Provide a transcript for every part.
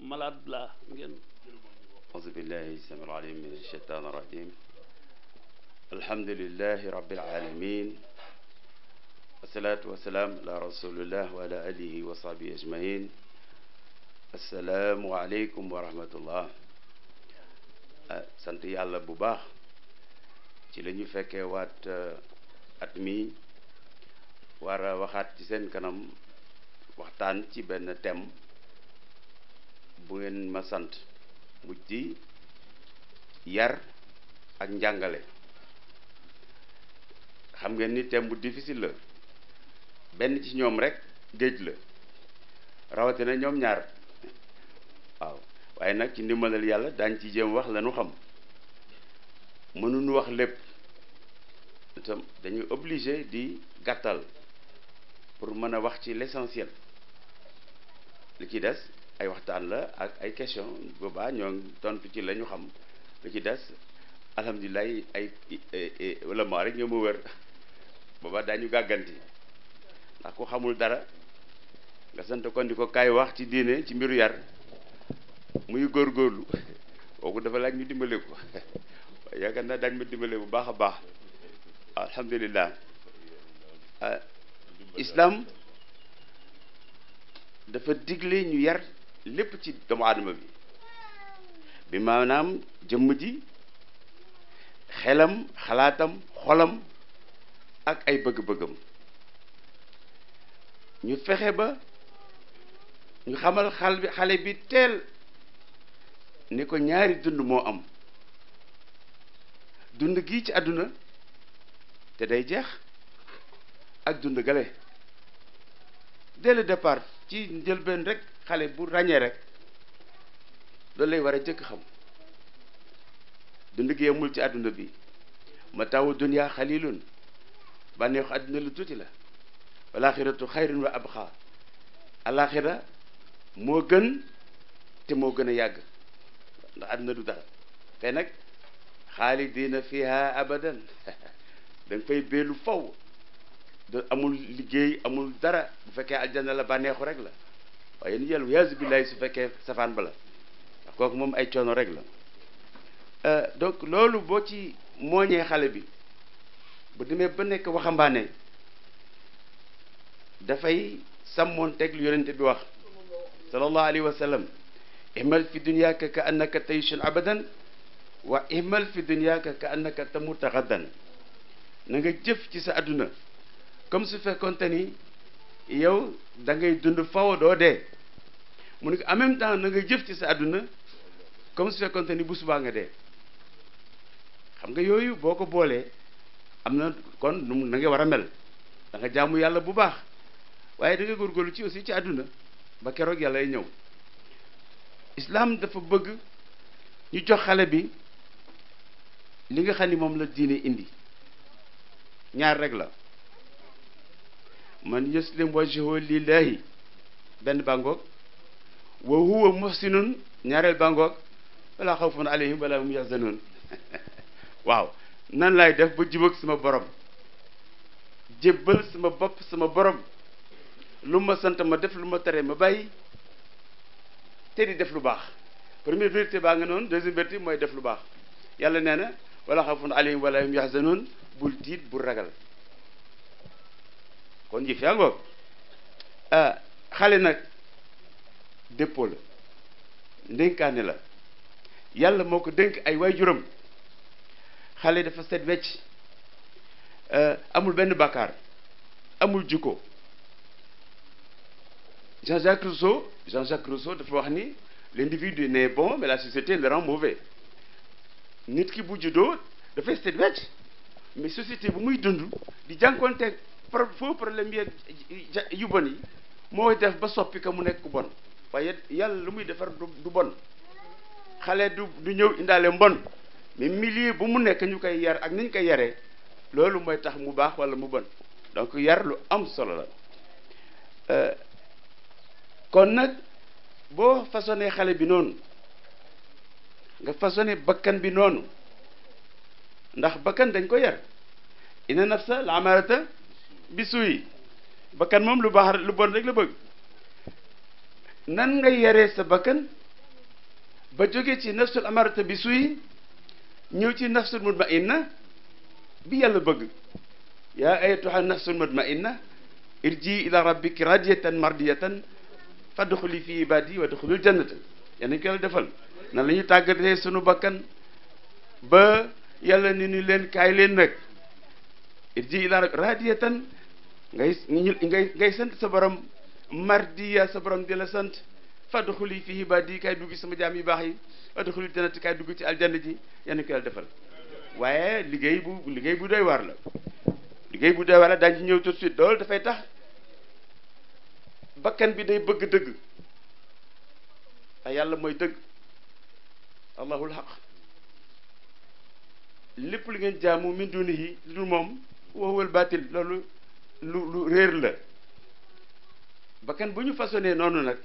malade la ngeen أعوذ بالله السميع العليم من الشيطان الرجيم الحمد لله رب العالمين والصلاة والسلام على رسول الله وعلى آله وصحبه أجمعين السلام عليكم ورحمة الله sant yàlla bu baax ci la ñu fekkee waat at mi war a waxaat ci seen kanam waxtaan ci benn thème bu ngeen ma sant mu di yar ak njàngale xam ngeen ni thème bu la benn ci ñoom rek géej la rawatina ñoom ñaar waaw waaye nag ci ndimbalal yàlla daañ ci jéem wax lañu xam mënuñu wax lépp itam dañuy obligé di gàttal pour mën a wax ci l'essentiel li ci des ay waxtaan la ak ay question boobaa ñoo tontu ci lañu ñu xam lu ci des alhamdulilah ay eh, eh, eh, wala maa rek ñoo ma wër boobaa daañu gàgganti ndax ku xamul dara nga sant kon di ko kaay wax ci diine ci mbiru yar muy góorgóorlu kooku dafa laaj ñu dimbale ko yaakaar naa daañu ma dimbale bu baax a baax alhamdulilah islam dafa digle ñu yar lépp ci doomu aadama bi bi maanaam jëmm ji xelam xalaatam xolam ak ay bëgg-bëggam ñu fexe ba ñu xamal xal xale bi teel ni ko ñaari dund moo am dund gii ci àdduna te day jeex ak dund gale dès le ci njëlbeen rekk xale bu ràññee rek loolu lay war a jëkk xam dund gi yemul ci àdduna bi ma mataawu dunya xalilun bànneexu àdduna lu tuuti la walaaxiratu xayrun wa abqa alaaxira moo gën te moo gën a yàgg ndax àdduna du dara te nag xaalidiina fiha abadan da nga fay beelu faw da amul liggéey amul dara bu fekkee aljanna la bànneexu rek la waaye ni yàlla yaasu billaay su fekkee safaan ba kooku moom ay coono rek la euh, donc loolu boo ci mooñee xale bi bu demee ba nekk waxambaane dafay sàmmoon teg lu yonente bi wax sallallahu alayhi wa sallam ihmal fi dunyaaka ka annaka tayshun abadan wa ihmal fi dunyaaka ka annaka tamuta xaddan na nga jëf ci sa àdduna comme su fekkoonte ni yow dangay ngay dund faw doo dee mu ne ko en même temps na nga jëf ci sa àdduna comme su fekkonte ni bu subaa nga dee xam nga yooyu boo ko boolee am na kon nu na nga war a mel da nga jaamu yàlla bu baax waaye da nga góorgóorlu ci aussi ci àdduna ba keroog yàlla ay ñëw islaam dafa bëgg ñu jox xale bi li nga xam ni moom la diine indi ñaar rek la man yuslim wajhu lillahi benn bàngoog wa huwa muhsinun ñaareel bàngoog wala xawfun alayhim wala hum yaxzanun waaw nan laay def ba jubag sama borom jébbal sama bopp sama borom lu ma sant ma def lu ma tere ma bàyyi te di def lu baax première vérité baa nga noonu deuxième vérité mooy def lu baax yàlla nee na wala xawfun alayhim walla hum yaxzanun bul tiit bul ragal kon yëf yaa ngoog xale nag dépôt la ndénkaane la yàlla moo ko dénk ay waajuram xale dafa set wecc ah, amul benn bàkkaar amul jikko Jean-Jacques Rousseau Jean-Jacques Rousseau dafa wax ni l'individu n'est bon mais la société le rend mauvais nit ki bu juddoo dafay set wecc mais société bu muy dund di jànkoonteeg faux problème yeeg yu bon yi mooy def ba soppi ko mu nekk bon waaye yàlla lu muy defar du bon xale du du ñëw indaale mbon mais milieu bu mu nekk ñu koy yar ak ni koy yaree loolu mooy tax mu baax wala mu bon donc yar lu am solo la euh, kon nag boo façonné xale bi noonu nga façonné bakkan bi noonu ndax bakkan dañ ko yar inna nafsa la amarata bisu yi bakkan moom lu baax lu bon rek la nan nga yaree sa bakkan ba jóge ci nafsul amarata bisu yi ñëw ci nafsul mutmainna bi yàlla bëgg yaa ayatuha nafsul mutmainna irji ila rabbiki radiyatan mardiyatan fadxuli fi ibadi wa dxulul jannata yal nañu ko yàlla defal nan la ñuy tàggatee sunu bakkan ba yàlla ni ni leen kaay leen nag irji ila rabbiki radiyatan ngay ngay ngay sant sa borom mardiya sa borom di la sant fadxuli fi ibadi kay dugg sama jaam yu baax yi adxuli jannati kay dugg ci aljanna ji yenn ko yàlla defal waaye liggéey bu liggéey bu doy waar la liggéey bu doy waar la daañu ñëw tout de suite loolu dafay tax bakkan bi day bëgg dëgg te yàlla mooy dëgg allahul xaq lépp li ngeen jaamu min dunihi lu moom waxuwal baatil loolu lu lu réer la bakkan bu ñu façonné noonu nag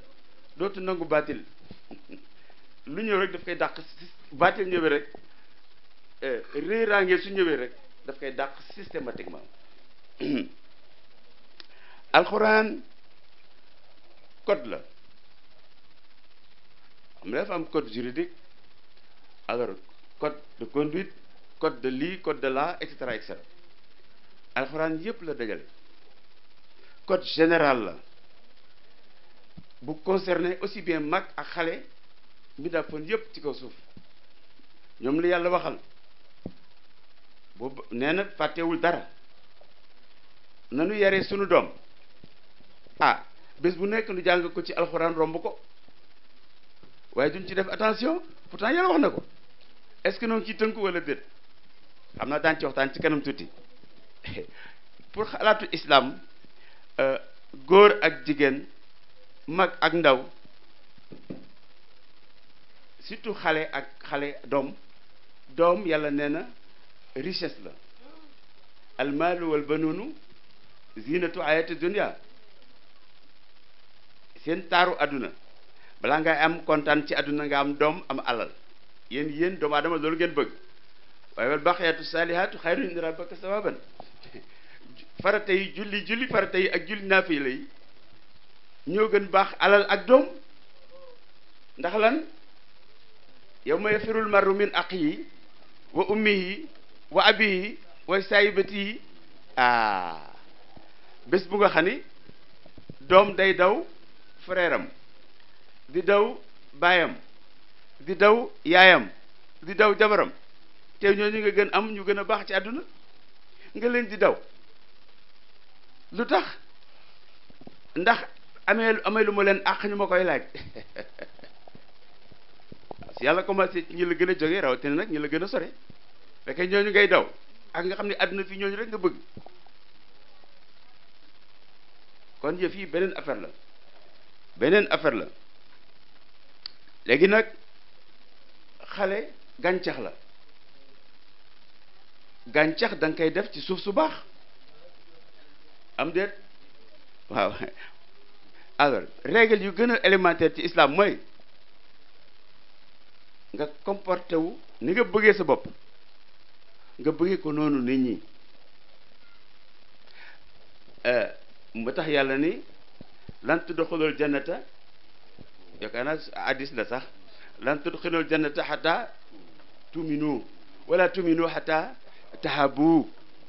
dootu nangu baatil lu ñëw rek daf koy dàq baatil rek eh, réeraange su ñëwee rek daf koy dàq systématiquement alxuraan code la am na dafa am code juridique alors code de conduite code de lii code de là et cetera alxuraan yëpp la dajale code général la bu concerné aussi bien mag ak xale mbindaafoon yépp ci kaw suuf ñoom la yàlla waxal boobu nee na fàttewul dara nu yare sunu doom ah bés bu nekk nu jàng ko ci alxuraan romb ko waaye duñ ci def attention pourtant yàlla wax na ko est-ce que noonu ciy tënku wala déet xam naa daan ci waxtaan ci kanam tuuti pour xalaatu islam Euh, góor ak jigéen mag ak ndaw surtout xale ak xale doom doom yàlla nee na richesse la almaalu wal banuunu zinatu ayati dunia seen taaru àdduna balaa ngay am kontaan ci àdduna nga am doom am alal yéen yéen doomu aadama loolu ngeen bëgg waaye wal baqiyatu saalihaatu xayrun inda rabbaka sawaban farata yi julli julli farata yi ak julli naafila yi ñoo gën baax alal ak doom ndax lan yawma yafirul marru min axiihi wa ummihi wa abihi wa saahibatihi ah bés bu nga doom day daw frère di daw baayam di daw yaayam di daw jabaram te ñu nga gën am ñu gën a baax ci àdduna nga leen di daw lu tax ndax amee amee lu ma leen àq ñu ma koy laaj yàlla commencé ci ñi la gën a jógee rawatina nag ñi la gën a sore fekkee ñooñu ngay daw ak nga xam ne àdduna fii ñooñu rek nga bëgg kon yëf yi beneen affaire la beneen affaire la léegi nag xale gàncax la gàncax da nga koy def ci suuf su baax am déet waaw alors règle yu gën a élémentaire ci islam mooy nga comporté wu ni nga bëggee sa bopp nga bëggee ko noonu nit ñi ba euh, tax yàlla ni lan tudxulul jannata yaakaar naa hadis la sax lan tudxulul jannata xata tuminu wala tuminu xata tahabu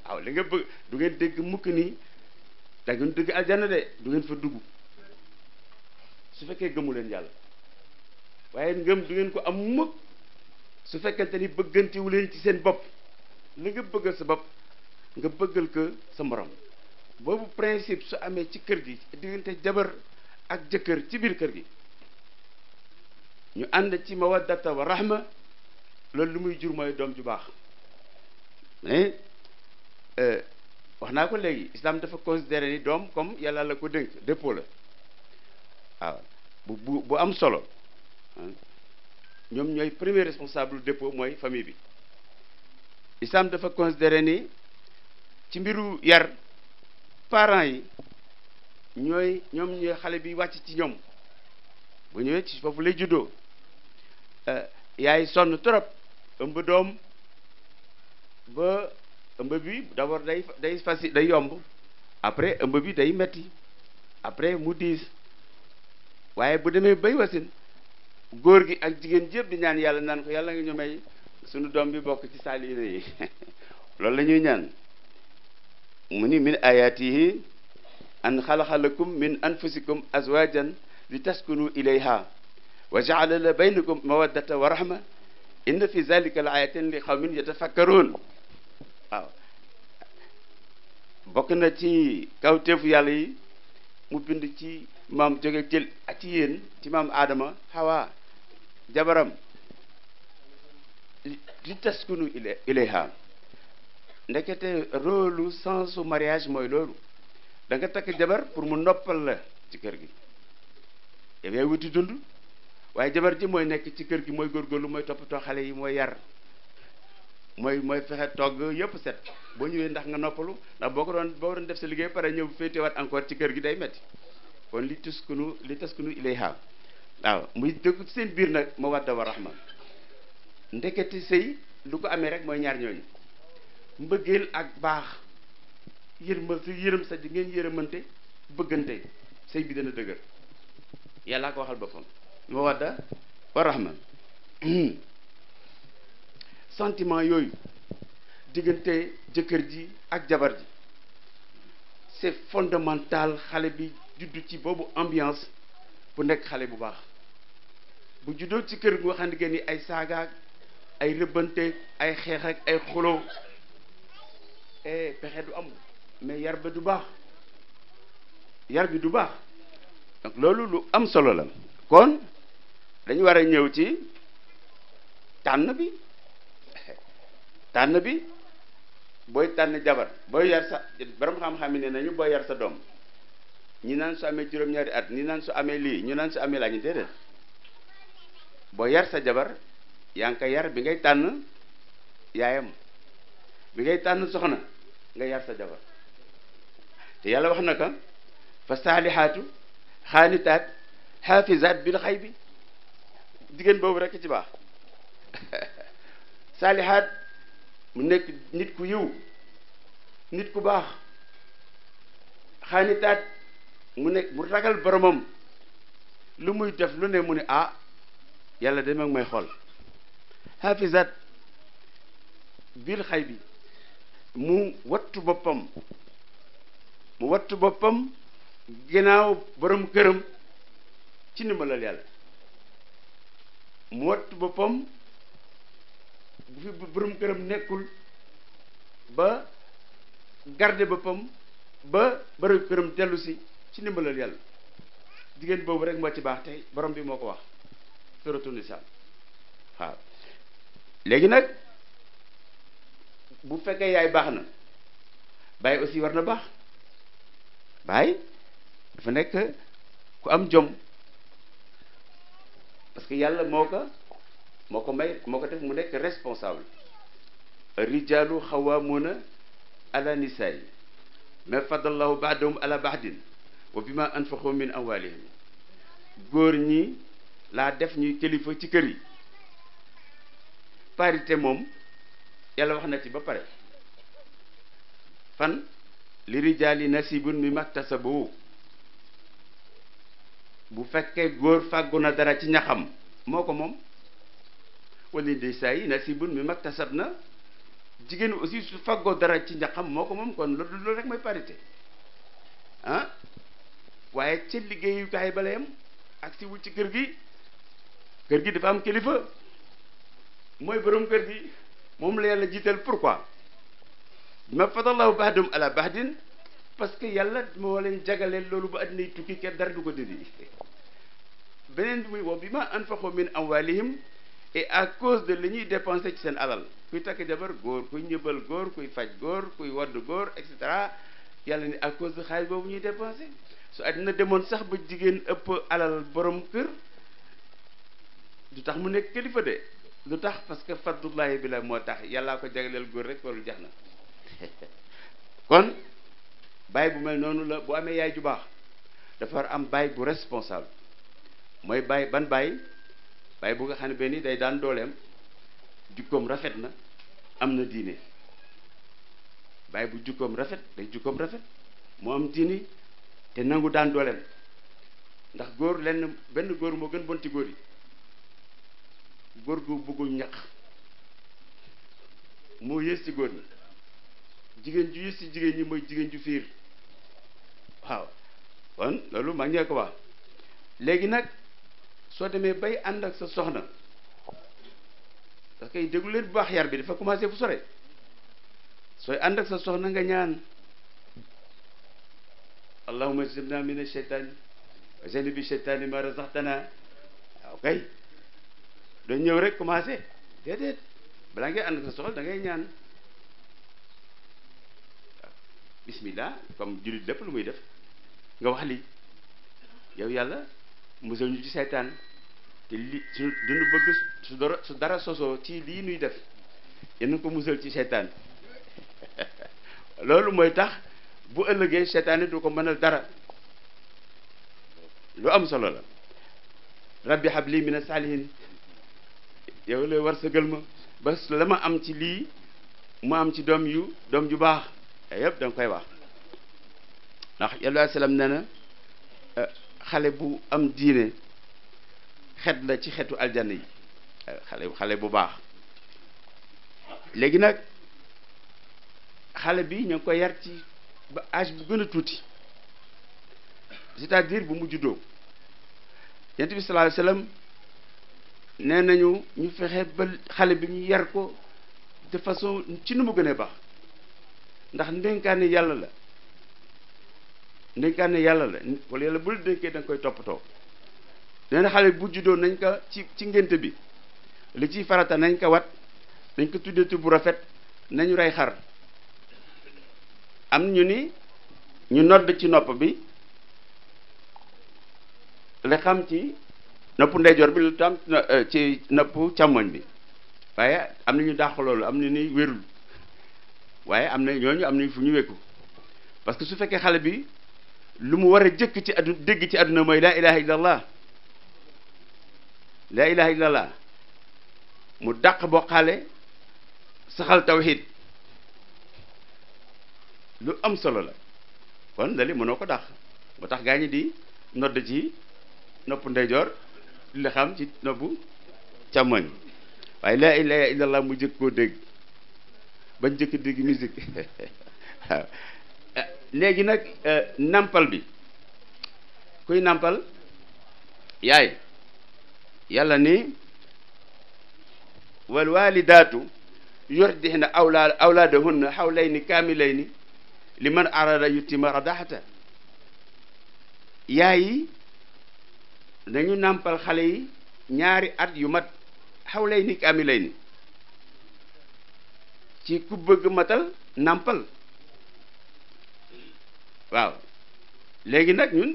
waaw li nga bëgg du ngeen dégg mukk nii da ngeen dugg aljanna de du ngeen fa dugg su fekkee gëmu leen yàlla waaye ngëm du ngeen ko am mukk su fekkente ni bëggantiwu leen ci seen bopp li nga bëggal sa bopp nga bëggal ko sa morom boobu principe su amee ci kër gi diggante jabar ak jëkkër ci biir kër gi ñu ànd ci mawaddata wa rahma loolu lu muy jur mooy doom ju baax eh? naa ko léegi islam dafa considéré ni doom comme yàlla la ko dénk dépôt la waaw bu bu bu am solo ñoom ñooy premier responsable dépôt mooy famille bi islam dafa considéré ni ci mbiru yar parent yi ñooy ñoom ñooy xale bi wàcc ci ñoom bu ñëwee ci foofu lay juddoo eh, yaay sonn trop ëmb doom ba ëmb bi d'abord day day facile day yomb après ëmb bi day metti après mu diis waaye bu demee bay wasin góor gi ak jigéen jëpp di ñaan yàlla naan ko yàlla nga ñu may sunu doom bi bokk ci saaliina yi loolu lañuy ñaan mu ni min ayatihi an xalaqa lakum min anfusikum azwajan li taskunu ilayha wa jaala la baynakum mawaddata wa rahma inna fi zalika la ayatin li qawmin yatafakkaruun waaw bokk na ci kaw kawteefu yàlla yi mu bind ci maam jóge jël ci yéen ci maam aadama Hawa jabaram li taskunu ile ilayha ndekete rôlu su mariage mooy loolu danga nga takk jabar pour mu noppal la ci kër gi yow yaay wuti dund waaye jabar ji mooy nekk ci kër gi mooy góorgóorlu mooy toppatoo xale yi mooy yar mooy mooy fexe togg yëpp set boo ñëwee ndax nga noppalu ndax boo ko doon boo doon def sa liggéey pare ñëw féetewaat encore ci kër gi day metti kon li tuskunu li taskunu ilayha waaw muy dëgg seen biir nag ma wadda wa rahma ndeketi sëy lu ko amee rek mooy ñaar ñooñu mbëggeel ak baax yërma yërëm sa di ngeen yërëmante bëggante sëy bi dana dëgër yàllaa ko waxal boppam ma wadda wa rahma sentiment yooyu diggante jëkkër ji ak jabar ji c'est fondamental xale bi juddu ci boobu ambiance bu nekk xale bu baax bu juddoo ci kër nga xam ne ay saaga ay rëbbante ay xeex ak ay xuloo eh, pexe du am mais yar ba du baax yar bi du baax donc loolu lu am solo la kon dañu war a ñëw ci tànn bi tànn bi booy tànn jabar booy yar sa borom xam-xam yi ne nañu booy yar sa doom ñi naan su amee juróom-ñaari at ñi naan su amee lii ñu naan su amee laa ñu déedéet boo yar sa jabar yaa yar bi ngay tànn yaayam bi ngay tànn soxna nga yar sa jabar te yàlla wax na ka fa saalihaatu xaanitaat xaafizaat bil xay bi jigéen boobu rekk ci baax saalihaat mu nekk nit ku yiw nit ku baax xaanitaat mu nekk mu ragal boromam lu muy def lu ne mu ne ah yàlla de mag may xool xaafisat biir xay bi mu wattu boppam mu wattu boppam ginnaaw borom këram ci ndimbalal yàlla mu wattu boppam bu fi borom këram nekkul ba garde boppam ba borom këram dellu si ci ndimbalal yàlla jigéen boobu rek moo ci baax tey borom bi moo ko wax suratu nisa waaw léegi nag bu fekkee yaay baax na baay aussi war na baax baay dafa nekk ku am jom parce que yàlla moo ko moo ko may moo ko def mu nekk responsable rijaalu xawaamuuna ala nisaay ma fadallahu baadahum ala baadin wa bima anfaqu min amwalihim góor ñi laa def ñuy kilifa ci kër yi parité moom yàlla wax na ci ba pare fan li rijaali nasibun mi maktasabu bu fekkee góor fàggu na dara ci ñaxam moo ko moom wala nisaa'i nasiibun mimmaa na jigéen aussi su faggoo dara ci njaqam moo ko moom kon loolu loolu rek mooy parité ah waaye ci liggéeyukaay ba la yem ak si wu ci kër gi kër gi dafa am kilifa mooy borom kër gi moom la yàlla jiital pourquoi ma fadallahu bahdum ala bahdin parce que yàlla moo leen jagaleel loolu ba addinay tukki kenn dara du ko dindi beneen bi muy woo bi ma anfaqu min amwalihim et à cause de li ñuy dépensé ci seen alal kuy takk jabar góor kuy ñëbal góor kuy faj góor kuy wadd góor et cetera yàlla ni à cause de xaalis boobu ñuy dépensé su àddina demoon sax ba jigéen ëpp alal boroom kër lu tax mu nekk kilifa de lu tax parce que fadlullahi bi la moo tax yàllaa ko jagleel góor rek loolu jax na kon baay bu mel noonu la bu amee yaay ju baax dafa war am baay bu responsable mooy baay ban baay waaye bu nga xam ne benn day daan dooleem jukkoom rafet na am na diine waaye bu jukkoom rafet day jukkoom rafet moo am diine te nangu daan dooleem ndax góor lenn benn góor moo gën bon ci góor yi góor gu bëggul ñaq moo yées ci góor ñi jigéen ju yées ci jigéen ñi mooy jigéen ju fiir waaw kon loolu mag ñee ko wax léegi nag soo demee bay ànd ak sa soxna parce que déglu bu baax yar bi dafa commencé fu sore sooy ànd ak sa soxna nga ñaan allahumma jibna min asheytaani wa janibi sheytaani ma razaqtana waaw dañ ñëw rek commencé déedéet balaa ngay ànd ak sa soxla da ngay ñaan bismillah comme jullit lépp lu muy def nga wax lii yow yàlla musal ñu ci seytaan te li su dunu bëgg su dara su dara sosoo ci lii nuy def yenn ko musal ci seytaan loolu mooy tax bu ëllëgee seytaane du ko mënal dara lu am solo la rabbi habli mina saalihin yow lay war sëgal ma ba la ma am ci lii mu am ci doom yu doom yu baax yëpp da koy wax ndax yàlla salaam nee na eh, xale bu am diine xet la ci xetu aljana yi xale xale bu baax léegi nag xale bi ñu ngi ko yar ci ba âge bu gën tuuti c'est-à-dire bu mu juddoo yent bi sallallahu nee nañu ñu fexe ba xale bi ñu yar ko de ci nu mu gën a baax ndax ndénkaane yàlla la ndénkaane yàlla la wala yàlla bul dénkee da koy toppatoo nee na xale bu juddoo nañ ko ci ci ngénte bi li ciy farata nañ ko wat nañ ko tuddee tur bu rafet nañu rey xar am ñu ni ñu nodd ci nopp bi li xam ci nopp ndeyjoor bi lu tam euh, ci nopp càmmoñ bi waaye am na ñu dàq loolu am na ni wérul waaye am na ñooñu am nañ fu ñu wékku parce que su fekkee xale bi lu mu war jëkk ci addu dégg ci àdduna mooy laa ilaha illallah la ilaha illallah mu dàq bokkaale saxal tawhid lu am solo la kon lali mënoo ko dàq ba tax gaa ñi di nodd ci nopp ndeyjoor li xam ci noppu càmmoñ waaye laa ilaha mu jëkk koo dégg ba jëkk dégg musique eh, léegi nag eh, nampal bi kuy nampal yaay yàlla ni wal walidaatu yurdihna awlaad awlaadahunna hawlayni kaamilayni liman arada yutima radaxata yaay yi dañu nàmpal xale yi ñaari at yu mat xaw lay xawlayni kaamilayni ci ku bëgg matal nàmpal waaw léegi nag ñun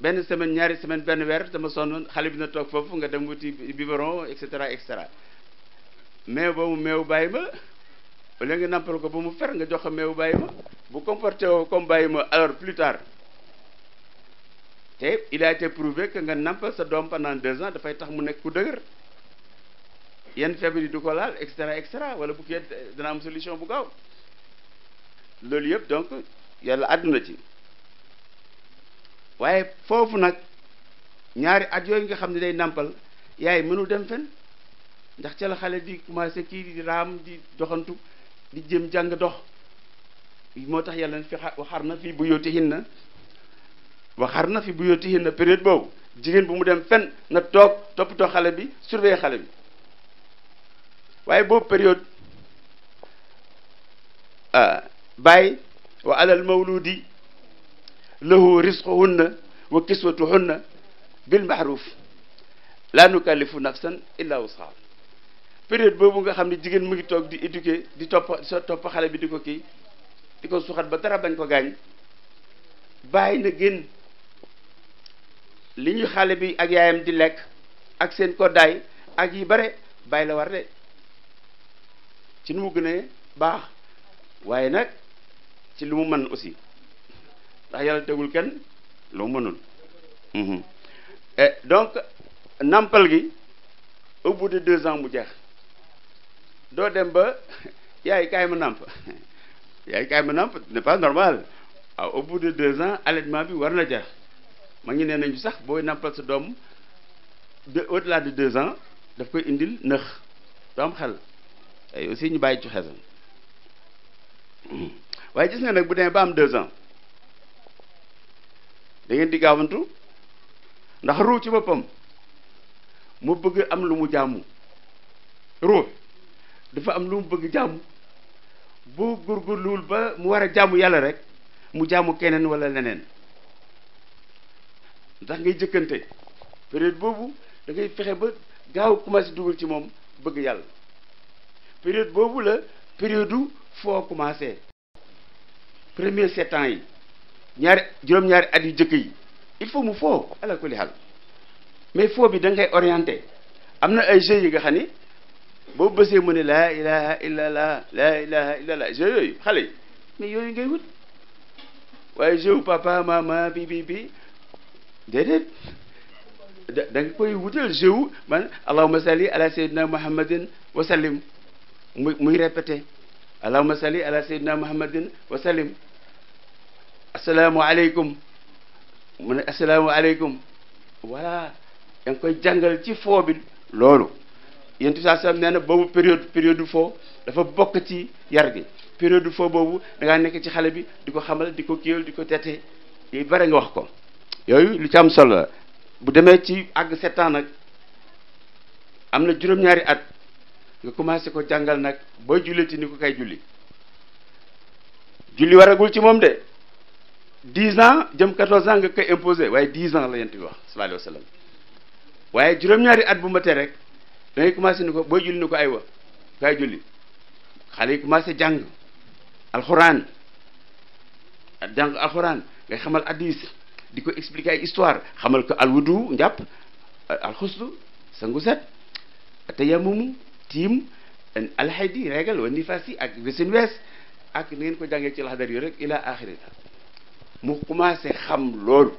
benn semaine ñaari semaine benn weer dama sonn xale bi na toog foofu nga dem wuti biberon et cetera et cetera meew ba mu meew bàyyi ma wala nga nampal ko ba mu fer nga jox ko meew bàyyi ma bu comporté woo comme bàyyi ma alors plus tard te il a été prouvé que nga nampal sa doom pendant deux ans dafay tax mu nekk ku dëgër yenn feebar du ko laal et cetera et cetera wala bu kii dana am solution bu gaaw loolu yëpp donc yàlla àdduna ci. waaye foofu nag ñaari at yooyu nga xam ne day nàmpal yaay mënul dem fen ndax ca la xale di commencé kii di raam di doxantu di jëm jàng dox moo tax yàlla fi na fi bu yóotihin na waxar na fi bu yóotihin na période boobu jigéen bu mu dem fen na toog toppatoo xale bi surveiller xale bi waaye boobu période ah, bàyyi wa alal mawludi lahu risquhunna wa kiswatuhunna bil ma'ruf laa nukallifu nafsan illa wusaha période boobu nga xam ne jigéen mu ngi toog di éduquer di topp sa topp xale bi di ko kii di ko suxat ba dara bañ ko gaañ bàyyi na génn li ñuy xale bi ak yaayam di lekk ak seen koddaay ak yi bare bàyyi la war de ci nu mu gën a baax waaye nag ci lu mu mën aussi ndax yàlla tegul kenn lu mënul mm-hmm. et eh, donc nàmpal gi au de deux ans mu jeex doo dem ba yaay kaay ma nàmp yaay kaay ma namp n'est pas normal waaw ah, au de deux ans allaitement bi war na jeex ma ngi nee nañu sax booy nampal sa doom de au de deux ans daf koy indil nëx doom xel aussi ñu bàyyi ci xel waaye gis nga nag bu dee ba am deux ans da ngeen di gaawantu ndax ruux ci boppam mu bëgg am lu mu jàmm ruux dafa am lu mu bëgg jàmm boo góorgóorluwul ba mu war a jàmm yàlla rek mu jàmm keneen wala leneen ndax ngay jëkkante période boobu dangay fexe ba gaaw commencé dugal ci moom bëgg yàlla période boobu la période foo commencé premier sept ans yi ñaari juróom-ñaari at yu jëkk yi il faut mu foo ala kulli xal mais foo bi da ngay orienté am na ay jeux yi nga xam ni boo bësee mu ne laa ilaha illallah laa ilaha illallah jeux yooyu xale yi mais yooyu ngay wut waaye jeu papa mama bi bi bi déedéet da da koy wutal jeu man allahumma salli ala sayyidina muhammadin wa sallim muy muy répété allahumma salli ala sayyidina muhammadin wa sallim asalaamualeykum mu ne asalaamualeykum voilà da nga koy jàngal ci foo bi loolu yéen saa sam nee na boobu période période foo dafa bokk ci yar gi période foo boobu da nekk ci xale bi di ko xamal di ko kiiwal di ko tete yi bare nga wax ko yooyu lu ci am solo bu demee ci àgg sept ans nag am na juróom-ñaari at nga commencé ko jàngal nag booy julliti ni ko kay julli julli waragul ci moom de dix ans jëm quatorze ans nga koy imposé waaye dix ans la yent wax sallallahu alayhi wa waaye juróom-ñaari at bu ma rek da ngay commencé ni ko booy julli ni ko aywa kaay julli xale yi commencé jàng alxuraan jàng alxuraan ngay xamal addis di ko expliquer ay histoire xamal ko alwudu njàpp alxuslu sangu set tayamumu tiim alxaydi regal wa nifaas yi ak seen wees ak ni ngeen ko jàngee ci laxdar yi rek ila axirita mu commencé xam loolu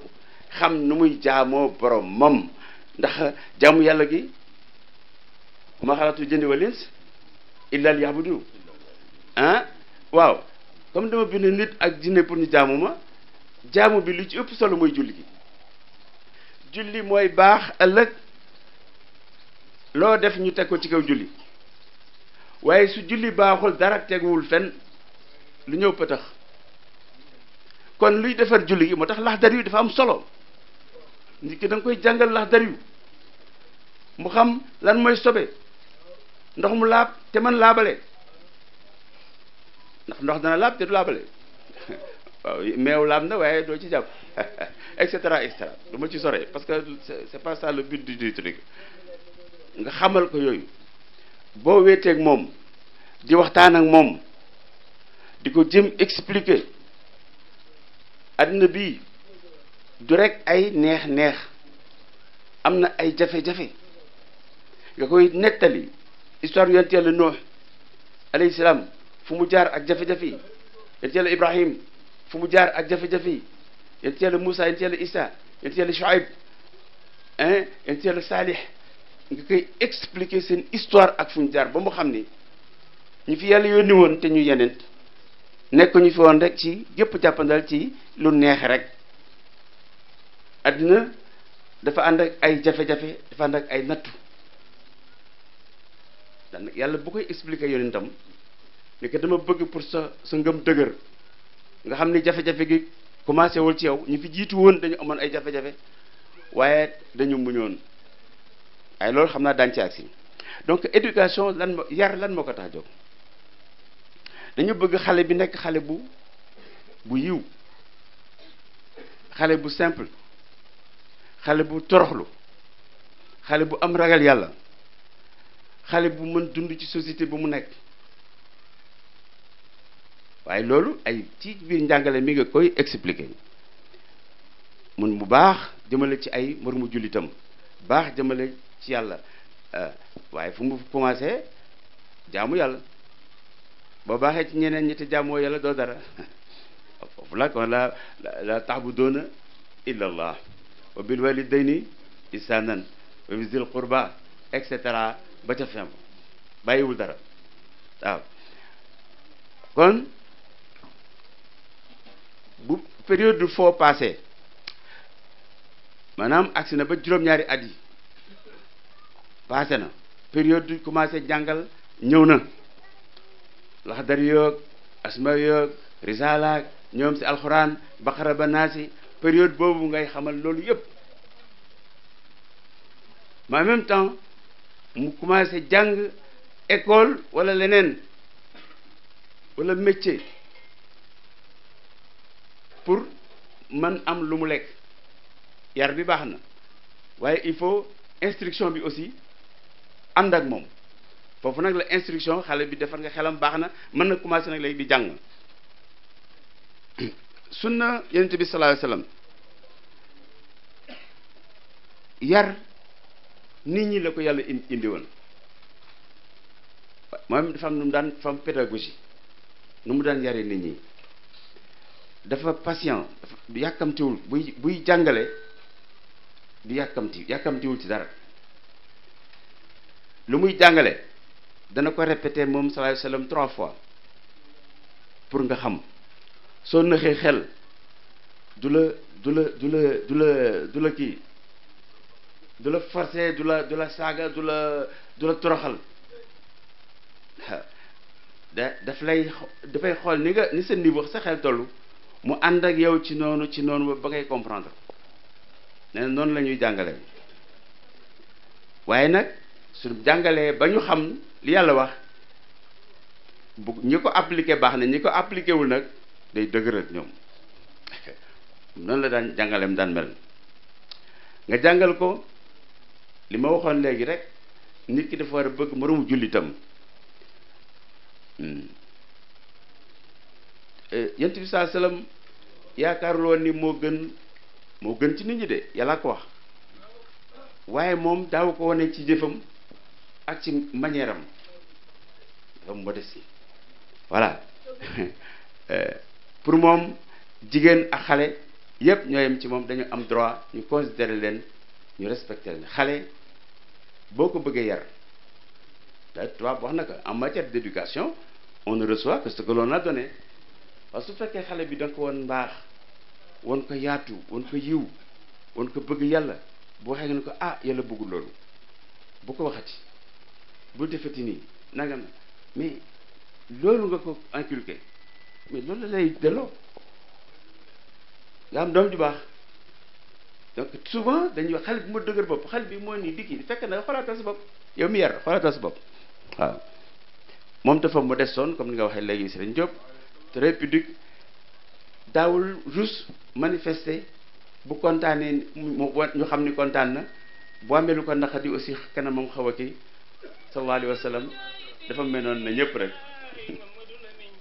xam nu muy jaamoo boromam ndax jaamu yàlla gi ma xalaatu jënd wal ins illal yahbudu ah waaw comme dama bind nit ak jinne pour ñu jaamu ma jaamu bi lu ci ëpp solo mooy julli gi julli mooy baax ëllëg loo def ñu teg ko ci kaw julli waaye su julli baaxul dara teguwul fenn lu ñëw pëtax kon luy defar julli gi moo tax lax laxdar yu dafa am solo nit danga koy jàngal laxdar yu mu xam lan mooy sobe ndox mu laab te man laabale ndax ndox dana laab te du laabale waaw meew laab na waaye doo ci jàpp et cetera et cetera du ma ci sore parce que c'est pas ça le but du truc nga xamal ko yooyu boo wéeteeg moom di waxtaan ak moom di ko jëm expliquer àdduna bi du rek ay neex neex am na ay jafe-jafe nga koy nettali histoire yonent yàlla noox alayhi salaam fu mu jaar ak jafe-jafe yi yàlla ibrahim fu mu jaar ak jafe-jafe yi yonent yàlla moussa yonent yàlla isa yonent yàlla shuaib hein yonent yàlla saalih nga koy expliquer seen histoire ak fu mu jaar ba mu xam ni ñu fi yàlla yónni woon te ñu yeneen nekk ñu fi woon rek ci jëpp jàppandal ci lu neex rek àddina dafa ànd ak ay jafe-jafe dafa ànd ak ay nattu dan yàlla bu koy expliquer yonentam ne que dama bëgg pour sa sa ngëm dëgër nga xam ni jafe-jafe gi commencé wul ci yow ñu fi jiitu woon dañu amoon ay jafe-jafe waaye dañu muñoon ay loolu xam naa daan ci agsi donc éducation lan moo yar lan moo ko tax jóg dañu bëgg xale bi nekk xale bu bu yiw xale bu simple xale bu toroxlu xale bu am ragal yàlla xale bu mën dund ci société bu mu nekk waaye loolu ay ci biir njàngale mi nga koy expliquer mun mu baax jëmale ci ay moroomu jullitam baax jëmale ci yàlla euh, waaye fu mu commencé jaamu yàlla boo baaxee ci ñeneen ñetti te jàmmoo yàlla doo dara foofu la kon la la taxbuduuna illa allah wa bil walidayni isanan wa bi qurba et cetera ba ca fem bàyyiwul dara waaw kon bu période du foo passé maanaam agsi na ba juróom-ñaari at yi passé na période du commencé jàngal ñëw na laxdar yoog asma yoog ñoom si alxuraan baqara ba naasi période boobu ngay xamal loolu yëpp mais en même temps mu commencé jàng école wala leneen walla métier pour man am lu mu lekk yar bi baax na waaye il faut instruction bi aussi ànd ak moom foofu nag la instruction xale bi defar nga xelam baax na mën na commencé nag léegi di jàng sunna yonent bi sallallahu alayhi wasallam yar nit ñi la ko yàlla indi woon moom dafa nu mu daan dafa am pédagogie nu mu daan yare nit ñi dafa patient dafa yàkkamtiwul buy buy jàngale du yàkkamti yàkkamtiwul ci dara lu muy jàngale dana ko répété moom salaay salaam trois fois pour nga xam soo nëxee xel du la du la du la du la du la kii du la forcé du la du la saaga du la du la toroxal da daf lay dafay xool ni nga ni sa niveau sa xel tollu mu ànd ak yow ci noonu ci noonu ba ngay comprendre nee noonu la ñuy jàngale waaye nag suñu jàngalee ba ñu xam li yàlla wax bu ñi ko appliqué baax na ñi ko appliqué wul nag day dëgëral ñoom noonu la daan jàngaleem daan mel nga jàngal ko li ma waxoon léegi rek nit ki dafa war a bëgg moromu jullitam hmm. eh, yent bi saa salaam yaakaarul ni moo gën moo gën ci nit ñi de yàlla ko wax waaye moom daaw ko wane ci jëfam ak ci manière am dafa modestie voilà euh, pour moom jigéen ak xale yépp ñoo yem ci moom dañu am droit ñu considérer leen ñu respecte leen xale boo ko bëggee yar da tubaab wax na am en matière d'éducation on ne reçoit que ce que l'on a donné parce que su fekkee xale bi da ko woon mbaax woon ko yaatu woon ko yiw woon ko bëgg yàlla bu waxee nga ne ko ah yàlla bëggul loolu bu ko waxati bul defati nii nangam mais loolu nga ko inculqué mais loolu la lay delloo nga am doom ju baax donc souvent dañuy wax xale bi moo dëgër bopp xale bi moo nii dikki fekk na xoolaatal sa bopp yow mi yar xoolaatal sa bopp waaw moom dafa mu desoon comme ni nga waxee léegi Serigne Diop très pudique daawul juste manifeste bu kontaanee mu ñu xam ni kontaan na boo amee lu ko naqari aussi kanamam xaw a kii sallallahu alayhi wa sallam dafa mel noonu ne ñëpp rek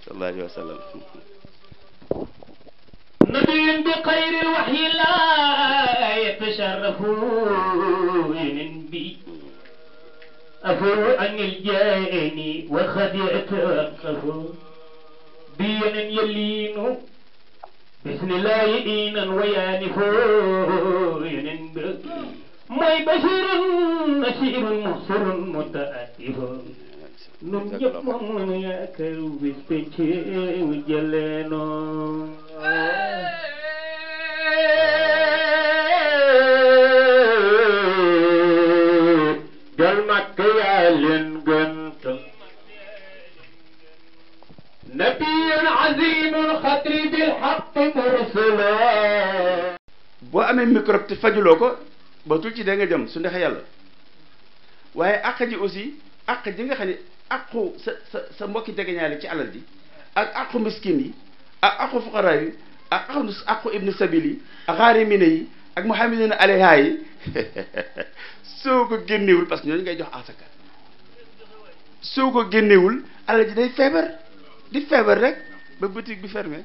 sallallahu alayhi wa sallam نبي بخير الوحي لا يتشرف ينبي أفر عن الجاني وخدعت أنكه بين يلين بسم الله إينا ويانفو ينبي mooy bashirun nasirun mubsirun mutaatifun nun ñëpp moom mu yaakaar bis penceewu jëleenoo jol màkk yaa leen gënt nabiyun azimul xatri bil xaq mursala boo amee microbe te fajuloo ko ba tul ci da nga jëm su ndexe yàlla waaye àq ji aussi àq ji nga xam ne àqu sa sa mbokki jegeñaale ci alal ji ak àqu miskin yi ak àqu fuqara yi ak àqu àqu ibnu sabil yi ak xaarimine yi ak muhammadina alayha yi soo ko génnewul parce que ñooñ ngay jox asaka soo ko génnewul alal ji day feebar di feebar rek ba boutique bi fermé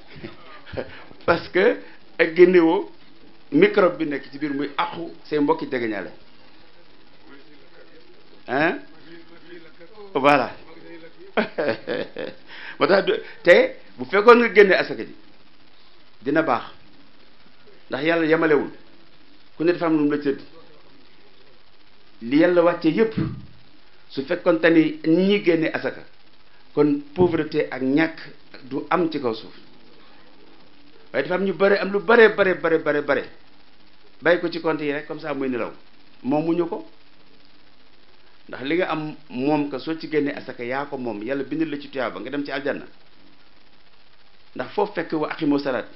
parce que ak génnewoo microbe bi nekk ci biir muy aqu say mbokki jegeñaale hein voilà moo tax te bu fekkoon nga génne asaka ji dina baax ndax yàlla yemalewul ku ne dafa am lu mu la tëdd li yàlla wàcce yépp su fekkoon te ni ñi génne asaka kon pauvreté ak ñàkk du am ci kaw suuf waaye dafa am ñu bëri am lu bëree bare bare bare bare bàyyi ko ci compte yi rek comme ça muy nelaw moomuñu ko ndax li nga am moom ka soo ci génnee asaka yaa ko moom yàlla bindil la ci tuyaaba nga dem ci aljanna ndax foofu fekk wa aqimu salaat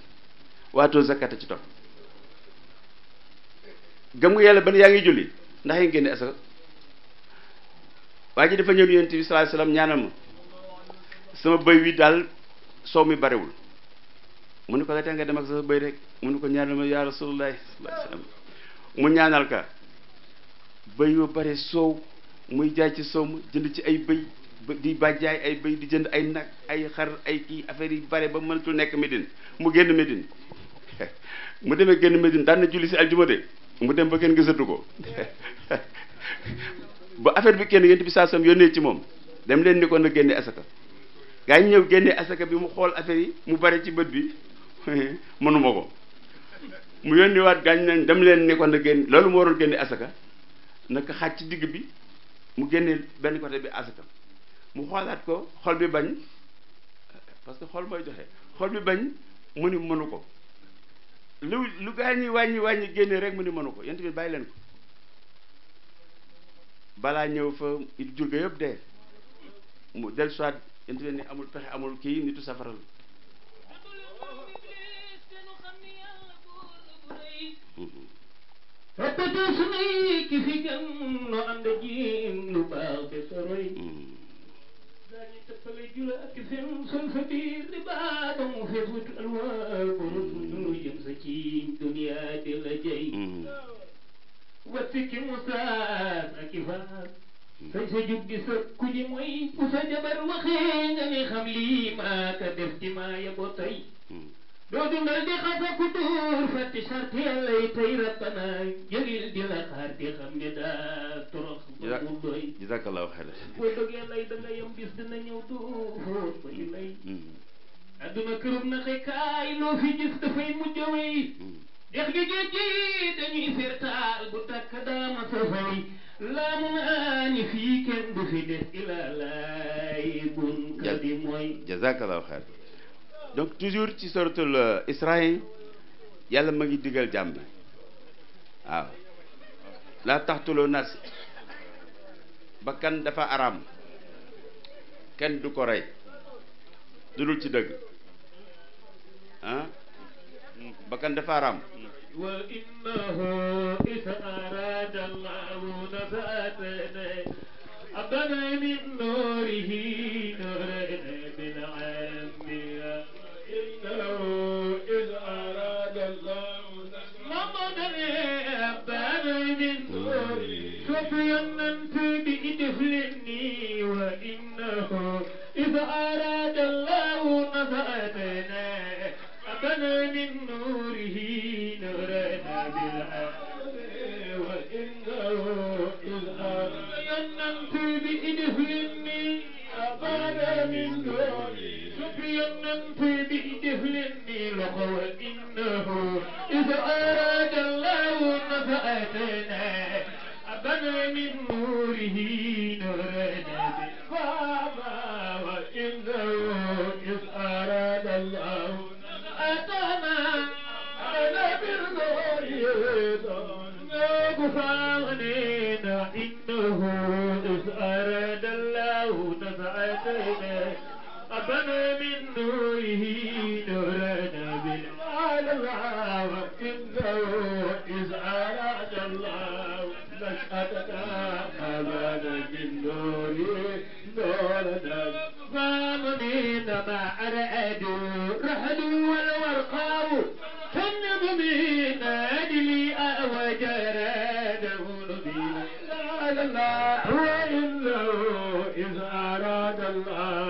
waatoo zakata ci topp gëm nga yàlla ban yaa ngi julli ndax yaa ngi génne asaka waa ji dafa ñëw yonent bi sallallahu alayhi wasallam ñaanal sama bëy wi daal soow mi barewul mu ne ko la tee nga dem ak sa bëy rek mu ne ko ñaanal ma yaa rasulullahi sallallahu mu ñaanal ka bëy yu bare soow muy jaay ci soow jënd ci ay bëy di jaay ay bëy di jënd ay nag ay xar ay kii affaire yi bare ba mënatul nekk Médine mu génn Médine mu demee génn Médine daan na julli si aljuma de mu dem ba kenn gisatu ko ba affaire bi kenn yéen bi saa soom yónnee ci moom dem leen ni ko na génne asaka gaa ñëw génne asaka bi mu xool affaire yi mu bare ci bët bi mënuma ko mu yónni waat gaañ nañ dem leen ni na génn loolu mu waroon génne asaka naka xaaj ci digg bi mu génne benn côté bi asaka mu xoolaat ko xol bi bañ parce que xol mooy joxe xool bi bañ mu ni mënu ko lu lu gaañ ñi wàññi wàññi génne rek mu ni mënu ko yéen tamit bàyyi leen ko balaa ñëw fa jur ga yëpp dee mu del soit yéen tamit ni amul pexe amul kii nitu safaral répété suñuy ki fi gën no ànd jiin lu baax te soroy daañu hmm. tëppale jula ak fen sol sa biir di baa damu fees wetu alwaal borom ñu yem sa ci dunia di la jay hmm. watti ki musaas ak ifaas hmm. sañ sa jug di sa ku ji mooy bu sa jabar waxee nga ne xam lii maa ka def ci maa ya tey dootu nga di xasa ku dóor fatti sarti yàlla yi tey rabbana jëril di la xaar di xam ne daa torox mu doy jazakallahu xayran boo bëggee lay da nga yem bis dina ñëw dóor bay lay hmm. adduna kërum na xëy loo fi gis dafay mujj wey hmm. dex gi géej gi dañuy fertaal bu takk daama safay laamu fii kenn du fi ilaa laay bun kadi mooy jazakallahu xayran donc toujours ci suratul Israël yàlla ma ngi digal jàmb waaw laa taxtuloo nas bakkan dafa araam kenn du ko rey du dul ci dëgg bakkan dafa araam وإنه إذ أراد الله نفأتنا أبدا من نوره نورنا محمد فبيمنت بإدفلني وإنه إذا أراد الله نفأتنا أبنا من نور يننت بجهل لقوا إنه إذا أراد الله نفأتنا أبدا من نوره نورنا فاما وإنه إذ أراد الله نفأتنا أنا بالنور غفراننا إنه إذ أراد الله نفأتنا أبنا من نوره نورنا بالعالى وإنه إذ أراد الله نشأتنا أبنا من نوره نورنا فامنين ما أرادوا رحل والورقاء فنم من أجل أوجرانه نبيل الله وإنه إذ أراد الله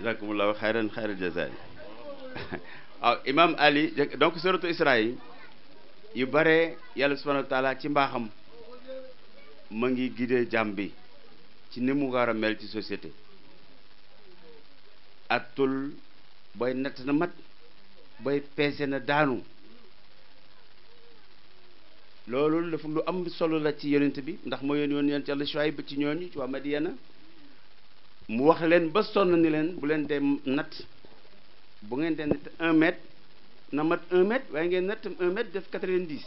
jazakumullahu xayran xayral jazaay waaw ah, imam ali donc suratu isra yu bare yàlla subhanahu wa ci mbaaxam ma ngi guidé jàmm bi ci ni mu war a mel ci société atul booy natt na mat booy peese na daanu loolu dafa lu am solo la ci yonent bi ndax moo yoon yoon yonent yàlla Shuayb ba ci ñooñu ci waa Madiyana mu wax leen ba sonn ni leen bu leen dee natt bu ngeen dee natt un mètre na mat un mètre waaye ngeen natt un mètre def quatre-vingt-dix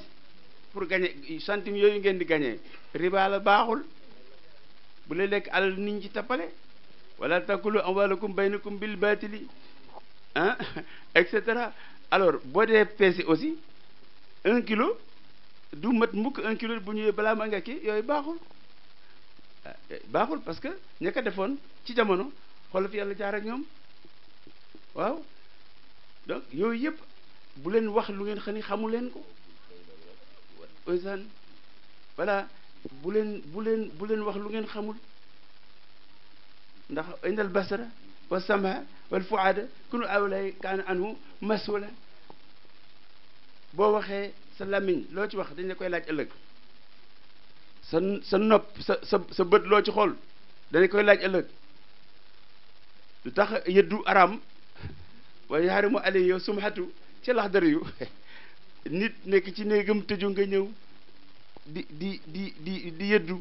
pour gagner centime yooyu ngeen di gagner riba la baaxul bu leen lekk alal nit ñi ci tappale wala takulu amwalakum baynakum bil batili ah et cetera alors boo dee peese aussi un kilo du mat mukk un kilo bu ñëwee balaa ma nga kii yooyu baaxul baaxul parce que ña ko defoon ci jamono xoolal fi yàlla jaar ñoom waaw donc yooyu yëpp bu leen wax lu ngeen xam ni xamu leen ko oysan voilà bu leen bu leen wax lu ngeen xamul ndax indal basara wa sama wal fuaada kunu awlay kaana anhu masula boo waxee sa làmmiñ loo ci wax dañ la koy laaj ëllëg sa sa nopp sa sa sa bët loo ci xool dañ koy laaj ëllëg lu tax yëddu aram waaye yaari mu ale yow sumxatu ci lax dara yu nit nekk ci néegam tëju nga ñëw di di di di di yëddu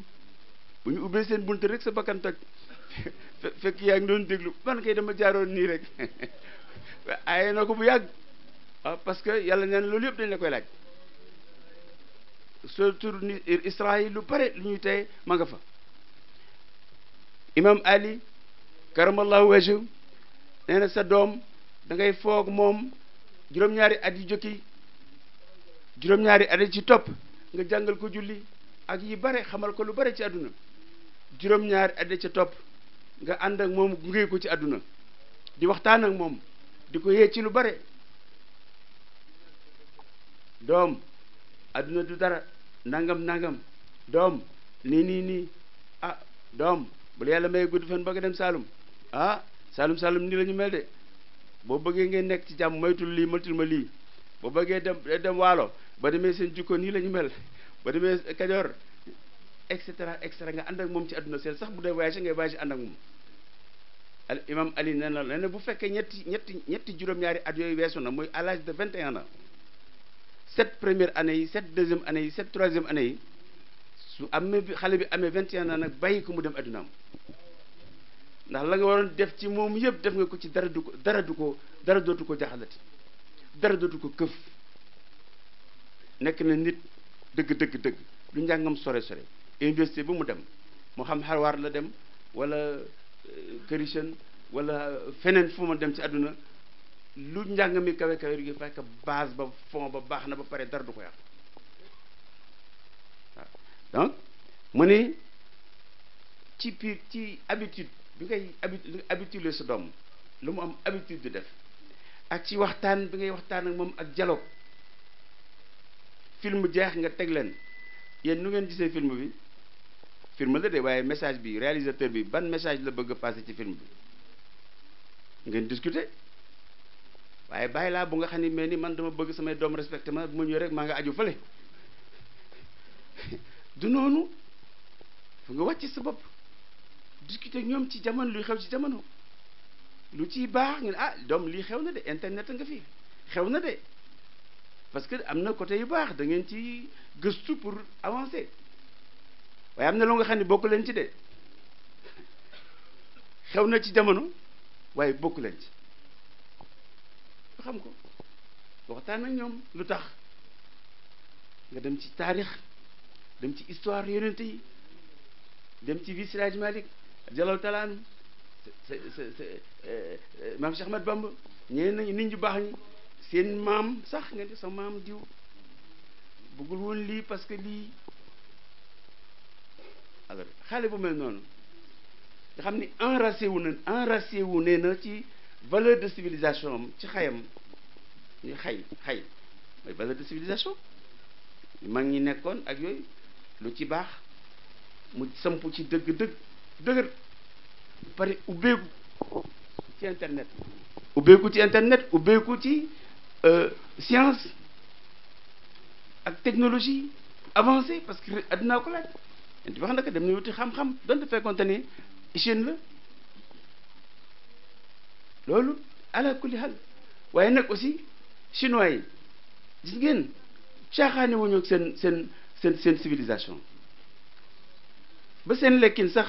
bu ñu ubbee seen bunt rek sa bakkan toj fekk yaa ngi doon déglu man kay dama jaaroon nii rek aaye na ko bu yàgg ah parce que yàlla neen loolu yëpp dañ la koy laaj surtout ni Israël lu bare lu ñuy tey ma nga fa imam Ali karamallahu wajhu nee sa doom dangay ngay foog moom juróom-ñaari at yi jokki juróom-ñaari at ci topp nga jàngal ko julli ak yi bare xamal ko lu bare ci àdduna juróom-ñaari at ci topp nga ànd ak moom gunge ko ci àdduna di waxtaan ak moom di ko yee ci lu bare doom adduna du dara nangam nangam doom nii nii nii ah doom bu la yàlla may gudd fan bëgg dem Saalum ah Saalum Saalum ni la ñu mel de boo bëggee ngeen nekk ci jàmm moytul lii moytul ma lii boo bëggee dem dem waalo ba demee seen jukko nii la ñu mel ba demee Kajoor et cetera et cetera nga ànd ak moom ci adduna seen sax bu dee voyage ngay voyage ànd ak moom al imam ali nee na ne bu fekkee ñetti ñetti ñetti juróom-ñaari at yooyu weesu na muy à l'âge de vingt sept première année yi sept deuxième année yi sept troisième année yi su amee xale bi amee vingt et un nag bàyyi ko mu dem addunaam ndax la nga waroon def ci moom yëpp def nga ko ci dara du ko dara ko dara dootu ko jaxalati dara dootu ko këf nekk na nit dëgg dëgg dëgg lu njàngam sore sore université bu mu dem moo xam xarwaar la dem wala euh, Christian wala feneen fu ma dem ci àdduna lu njàng mi kawe kawe du ñu fekk base ba fond ba baax na ba pare dara du ko yàq donc mu ni ci piir ci habitude bi ngay habitude habitué sa doom lu mu am habitude di def ak ci waxtaan bi ngay waxtaan ak moom ak dialogue film jeex nga teg leen yéen nu ngeen gisee film bi film la de waaye message bi réalisateur bi ban message la bëgg a passé ci film bi ngeen discuter. waaye bàyyi laa bu nga xam ne mel ni man dama bëgg samay doom respecté ma bu ma ñëw rek maa nga aju fële du noonu fu nga wàcc sa bopp discuter ñoom ci jamono luy xew ci jamono lu ciy baax ah doom lii xew na de internet nga fi xew na de parce que am na côté yu baax da ngeen ci gëstu pour avancer waaye am na lu nga xam ne bokk leen ci de xew na ci jamono waaye bokk lañ ci xam ko waxtaan ak ñoom lu tax nga dem ci taarix dem ci histoire yonent yi dem ci vis Siraj Malik jalaw talaan sa sa sa maam Cheikh Ahmad Bamba ñeneen nañu nit ñu baax ñi seen maam sax nga ne sa maam diw bëggul woon lii parce que lii alors xale bu mel noonu nga xam ni enraciné wu na enraciné wu ne na ci valeur de civilisation am ci xayam ñu xay xay mooy valeur de civilisation mag ñi nekkoon ak yooyu lu ci baax mu samp ci dëgg dëgg dëgër pare ubbeeku ci internet ubbeeku ci internet ubbeeku ci euh, science ak technologie avancée parce que addinaa ko laaj enti wax na ko dem na wuti xam-xam donte fekkonte ne la loolu ala kulli hal waaye nag aussi chinois yi gis ngeen caaxaane wuñu seen seen seen seen civilisation ba seen lekkin sax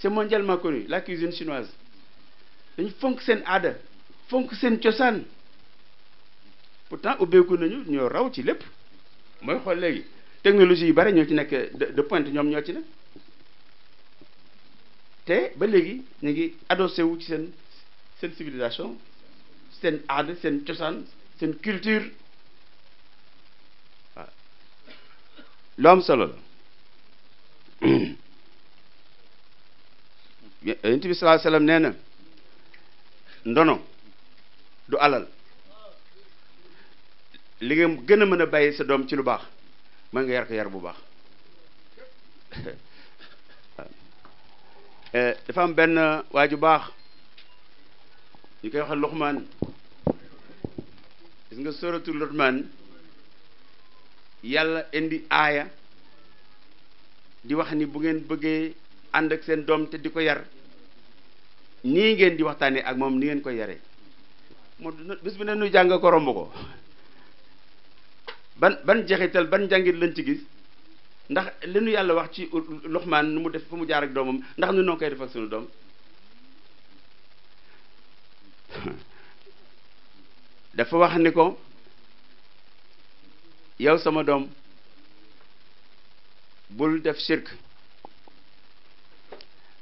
c'est mondialement connu la cuisine chinoise dañu fonk seen aada fonk seen cosaan pourtant ubbeeku nañu ñoo raw ci lépp mooy xool léegi technologie yu bari ñoo ci nekk de pointe ñoom ñoo ci nekk te ba léegi ñu ngi adossé wu ci seen seen civilisation seen aada seen cosaan seen culture waaw lu am solo la yonent bi sallallahu alayhi nee na ndono du alal li nga gën a mën a bàyyi sa doom ci lu baax mën nga yar ko yar bu baax eh, dafa am benn waa ju baax ñu koy waxal Luqmaan gis nga sóoratu Luqmaan yàlla indi aaya di wax ni bu ngeen bëggee ànd ak seen doom te di ko yar nii ngeen di waxtaanee ak moom ni ngeen ko yaree moo bis bi ne nu jàng ko romb ko ban ban jeexital ban jàngit lañ ci gis ndax li nu yàlla wax ci Luqmaan nu mu def fu mu jaar ak doomam ndax nu noo koy def ak sunu doom dafa wax ni ko yow sama doom bul def sirk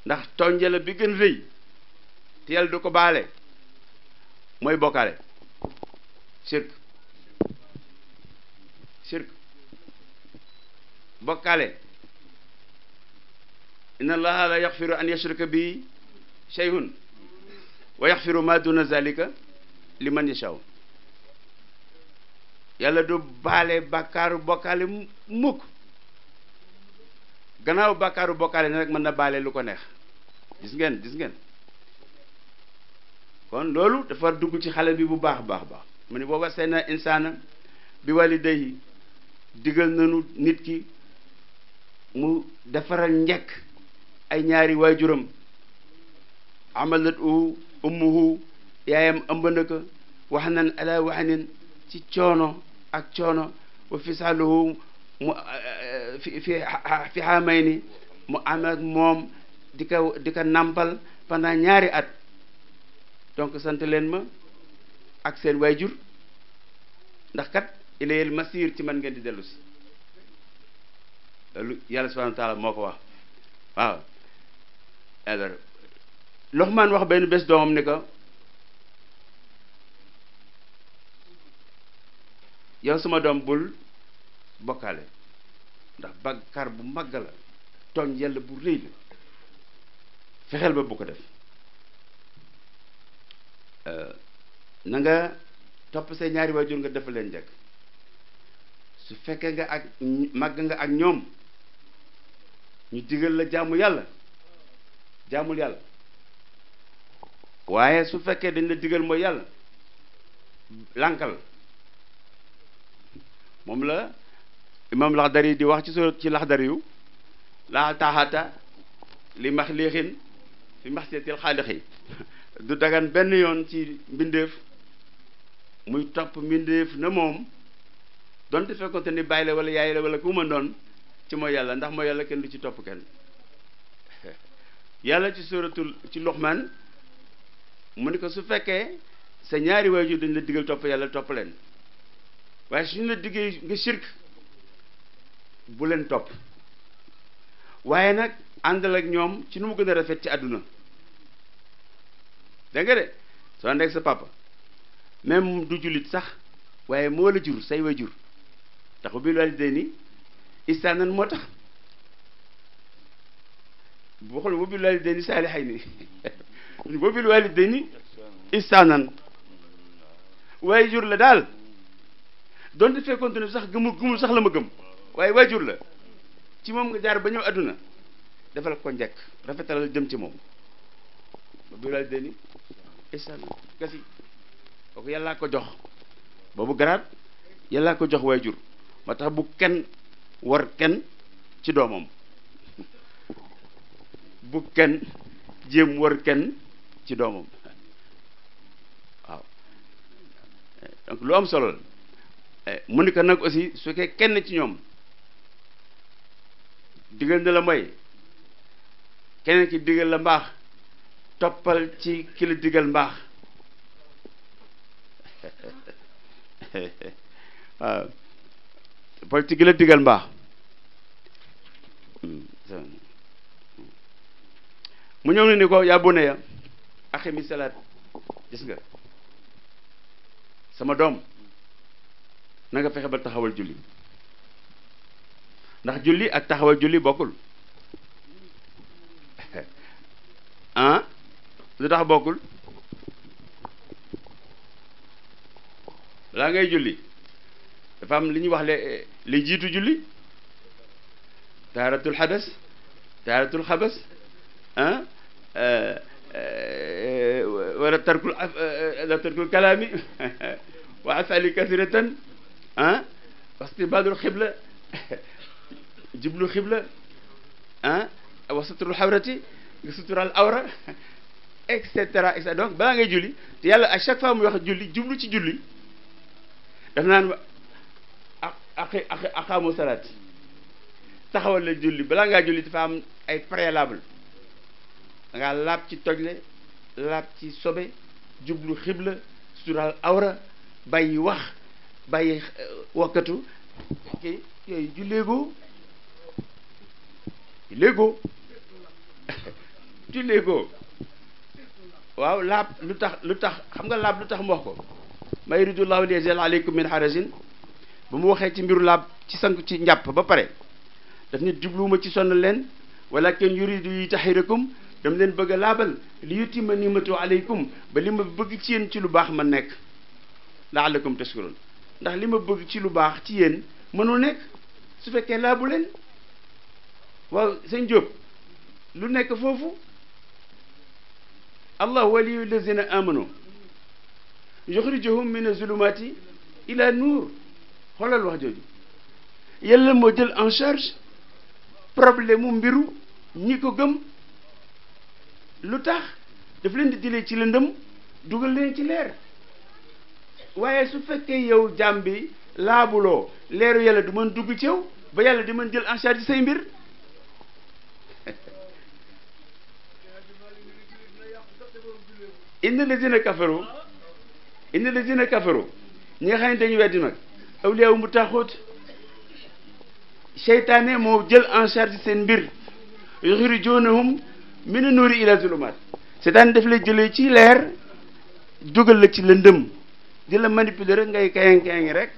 ndax tonjala bi gën rëy te du ko baale mooy bokkaale sirk sirk bokkaale inna allaha la yaxfiru an yashrika bi shay'un wa yaxfiru ma duna zalika li ni yashaw yàlla du baale bàkkaaru bokkaale mukk gannaaw bàkkaaru bokkaale na rek mën na baale lu ko neex gis ngeen gis ngeen kon loolu dafa dugg ci xale bi bu baax baax baax mu ne booba seen insaana bi walideyi digal nañu nit ki mu defaral njekk ay ñaari waajuram amalat u ummuhu yaayam ëmb ko wax nan ala waxanin ci coono ak coono wa fisaaluhu mu fi fi fi xaamay ni mu am ak moom di ko ko nàmpal pendant ñaari at donc sant leen ma ak seen waajur ndax kat ilayel masir ci man ngeen di dellu si loolu yàlla subhanahu moo ko wax waaw Loxmaan wax benn bés doomam ne ko yow sama doom bul bokkaale ndax bàkkaar bu màgg la tooñ yàlla bu rëy la fexeel ba bu ko def euh, nanga nga topp say ñaari waajur nga defal leen njëkk su fekkee nga ak màgg nga ak ñoom ñu digal la jàmm yàlla jaamul yàlla waaye su fekkee dañ la digal moo yàlla lànkal moom la imam laxdari di wax ci so ci laxdari yu la taaxata li maxliixin fi maxsiyatil xaalixi du dagan benn yoon ci mbindeef muy topp mbindeef na moom donte fekkonte ni bàyyi la wala yaay la wala ku ma doon ci mooy yàlla ndax mooy yàlla kenn du ci topp kenn yàlla ci suratul ci luxmaan mu ne ko su fekkee sa ñaari waajur dañ la digal topp yàlla topp leen waaye suñu la diggee nga sirk bu leen topp waaye nag àndal ak ñoom ci nu mu gën a rafet ci àdduna dégg de soo nekk sa papa même du jullit sax waaye moo la jur say waajur tax bi lu wàllu ni istaanan moo tax bu xool bu bi lu wàllu ni saalixay ni wa bil walidayni waaye jur la daal donte fekkonte ne sax gëmul sax la ma gëm waaye waaye jur la ci moom jaar ba àdduna defal ko njëkk rafetalal jëm ci moom wa bil walidayni ihsaanan jox boobu garaat yàllaa ko jox waajur moo tax bu kenn war kenn ci doomam bu kenn jéem war kenn ci doomam waaw donc lu am solo la eh, mu ni ko nag aussi su fekkee kenn ci ñoom digal na la mooy keneen ki digal la mbaax toppal ci ki la digal mbaax ci ki la hmm, hmm. mu ñëw ni ni ko yaa bune ya axemi salaat gis nga sama doom na nga fexe ba taxawal julli ndax julli ak taxawal julli bokkul ah lu tax bokkul balaa ngay julli dafa li ñuy wax le li jiitu julli taaratul xadas taaratul xabas ah eh, eh, wala tarkul la tarkul kalaami wa kasiratan ah wastibadul xibla jiblu xibla ah wa xawrati nga sutural awra et cetera et cetera donc balaa ngay julli te yàlla à chaque jublu ci julli daf naan ak taxawal la julli balaa ngaa julli dafa ay préalable da laab ci tojle laab ci sobe jublu xibla suturaal awra bàyyi wax bàyyi euh, wakkatu ki yooyu ju léegoo léegoo ju waaw laab lu tax lu tax xam nga laab lu tax mu wax ko ma yuridullahu liyaj'ala alaykum min harajin ba mu waxee ci mbiru laab ci sank ci njàpp ba pare daf ne jubluwuma ci sonn leen walakin yuridu yutahhirakum dama leen bëgg a laabal li yutima nimatu aleykum ba li ma bëgg ci yéen ci lu baax ma nekk laalakum tashkurun ndax li ma bëgg ci lu baax ci yéen mënul nekk su fekkee laabu leen waaw sëñ Diop lu nekk foofu allah waliyu lazina amanu yuxrijuhum min azulumati ila nuur xoolal wax jooju yàlla moo jël en charge problème mu mbiru ñi ko gëm lu tax daf leen di jëlee ci lëndëm dugal leen ci leer waaye su fekkee yow jàmm bi laabuloo leeru yàlla du mën dugg ci yow ba yàlla di mën jël en charge say mbir inna lazina kafaru inna lazina kafaru ñi nga xam ne dañu weddi nag awliyaawu mu taxut seytaane moo jël en charge seen mbir yuxrijunahum minu nuuri ila zulumaat seetaan def lay jëlee ci leer jógal la ci lëndëm di la manipuler rek ngay kayang kayangi rek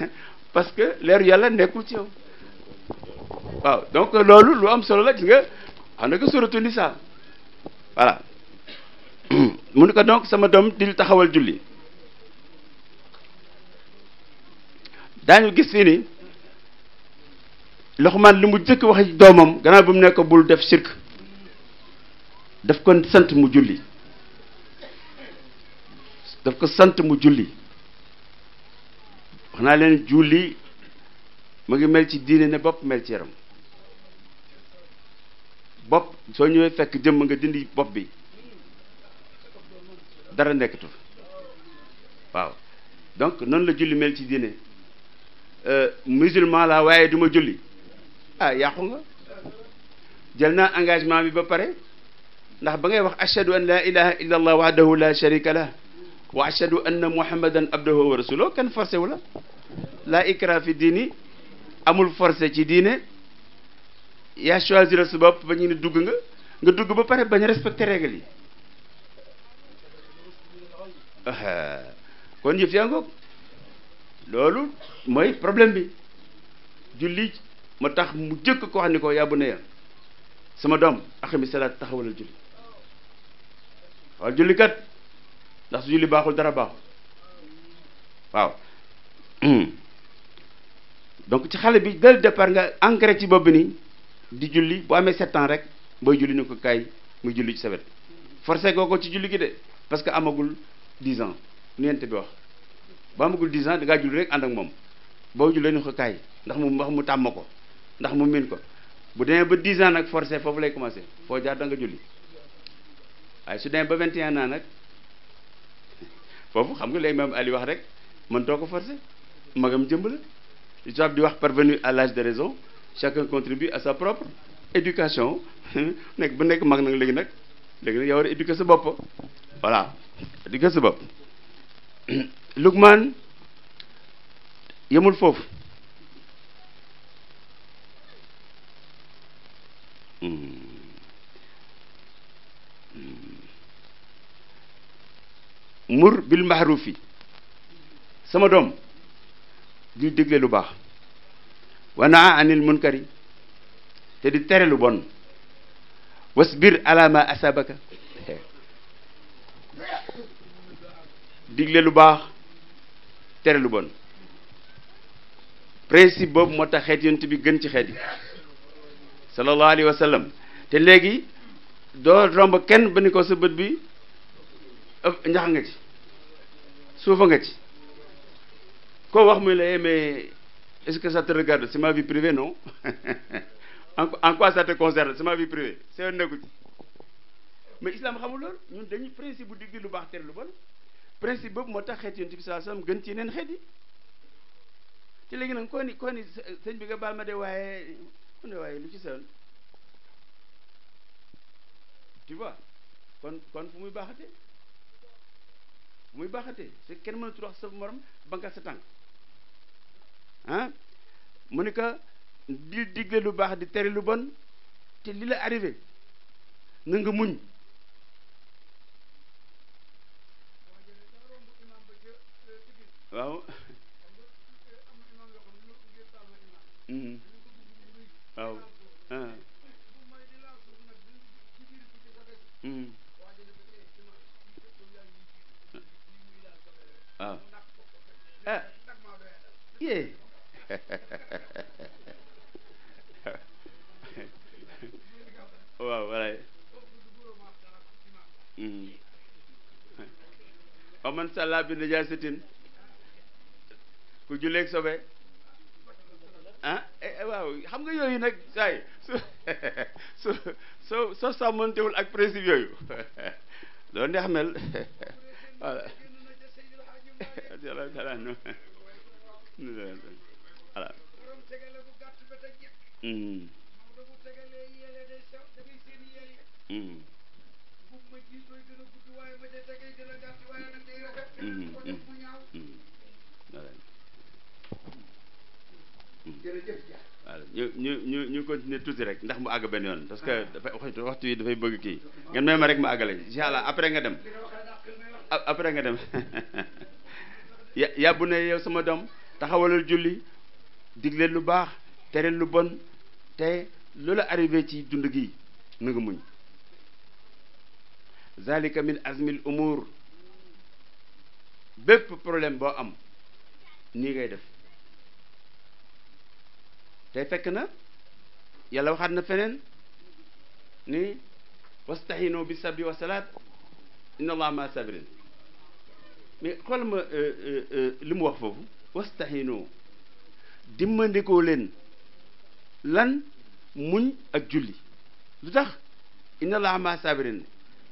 parce que leeru yàlla nekkul ci yow waaw donc loolu lu am solo la gis nga xam na ko suratu nisa voilà mu ne donc sama doom dil taxawal julli daañu gis fii ni Luqmaan li mu jëkk wax doomam gannaaw bi mu nekk bul def sirk daf ko sant mu julli daf ko sant mu julli wax naa leen julli mu ngi mel ci diine ne bopp mel ci yaram bopp soo ñëwee fekk jëmm nga dindi bopp bi dara nekkatul waaw donc noonu la julli mel ci diine euh, musulman la waaye duma julli ah yàqu nga jël naa engagement bi ba pare ndax ba ngay wax ashhadu an laa ilaha illa allah wahdahu la sharika lah wa ashhadu anna muhammadan abduhu wa rasuluhu kenn forcé wu la ikra fi diini amul forcé ci diine yaa choisir sa bopp ba dugg nga nga dugg ba pare bañ respecté règle yi kon yëf yaa ngoog loolu mooy problème bi julli ma tax mu jëkk ko xam ni ko yaa bu ne sama doom axami salaat taxawalal julli wal julli kat ndax su julli baaxul dara baaxul waaw hmm. donc ci xale bi dal départ nga ancré ci bopp bi ni di julli boo amee sept ans rek booy julli ñu ko kaay muy julli ci sa wet forcé ko ci julli gi de parce que amagul dix ans nu yent bi wax ba amagul dix ans da ngaa julli rek ànd ak moom boo jullee ni ko kaay ndax mu wax mu tàmm ko ndax mu miin ko bu demee ba dix ans nag forcé foofu lay commencé foo jaar da nga julli waaye su demee ba 21 naa nag foofu xam nga léegi même Ali wax rek mën too ko forcer magam jëmb la li tubaab di wax parvenu à l'âge de raison chacun contribue à sa propre éducation nekk bu nekk mag nag léegi nag léegi nag yow war a éduquer sa bopp voilà éduquer sa bopp Lukman yemul foofu hmm. mur bil mahrufi sama doom di digle lu baax wanaa anil munkari te di tere lu bon wasbir ala ma digle lu baax tere lu bon principe boobu moo tax xeet yonent bi gën ci xeet yi sallallahu alayhi wa te léegi doo romb kenn ba ni sa bët bi njax nga ci suufa nga ci koo wax muy la eh, mais est-ce que ça te regarde c'est ma vie privée non en quoi ça te concerne c'est ma vie privée c'est nekku ci mais islam xamul loolu ñun dañuy principe bu digg lu baax tere lu bon principe boobu moo tax xeet yonent bi sallallahu alayhi gën ci yeneen xeet ci léegi nag koo bi nga baal ma de waaye mu lu ci seen tu vois kon kon fu muy baaxate muy baaxatee te kenn mënatu wax sa morom banqal sa tànk ah mu ne que di digle lu baax di tere lu bon te li la arrivé na nga muñ waaw mm-hmm. waaw Yeah. waaw walaay wa man salla bi najaasatin ku julleeg sobe ah eh, eh, waaw xam nga yooyu nag saay su su soo soo sàmmantewul ak principe yooyu loolu neex mel voilà Hmm. Hmm. Hmm. voilà ñu ñu ñu ñu continuer tuuti rek ndax mu àgg benn yoon parce que dafay waxtu yi dafay bëgg kii ngeen may ma rek ma àggale incha allah après nga dem après nga dem ya ya bu sama doom taxawalal julli digleel lu baax tereel lu bon te loolu la ci dund gi na nga muñ zalika min azmil umur bépp problème boo am nii ngay def te fekk na yàlla waxaat na feneen ni wastahino bi sabi wa salaat inna allah ma sabirin mais xool ma mu wax foofu wastahinu dimmandikoo leen lan muñ ak julli lu tax inna allaha ma sabirin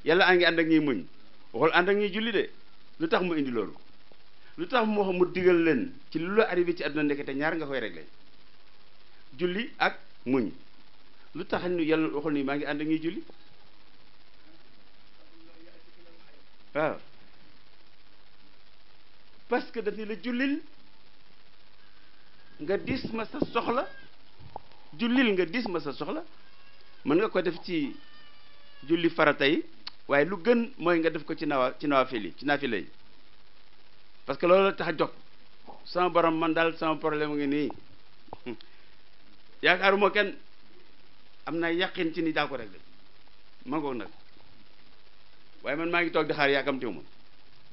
yàlla a ngi ànd ak ñuy muñ waxul ànd ak ñuy julli de lu tax mu indi loolu lu tax mu mu digal leen ci lu la arrivé ci àdduna ndekete ñaar nga koy réglé julli ak muñ lu tax ñu yàlla waxul ni maa ngi ànd ak ñuy julli waaw parce que daf ni la jullil nga dis ma sa soxla jullil nga dis ma sa soxla mën nga ko def ci julli farata yi waaye lu gën mooy nga def ko ci nawa ci nawaafil yi ci naafila yi parce que loolu la tax a sama borom man daal sama problème ngi nii yaakaaruma kenn am naa yàqin ci ni daa ko rek de ma ngoog nag waaye man maa ngi toog di xaar yaakamtiwu ma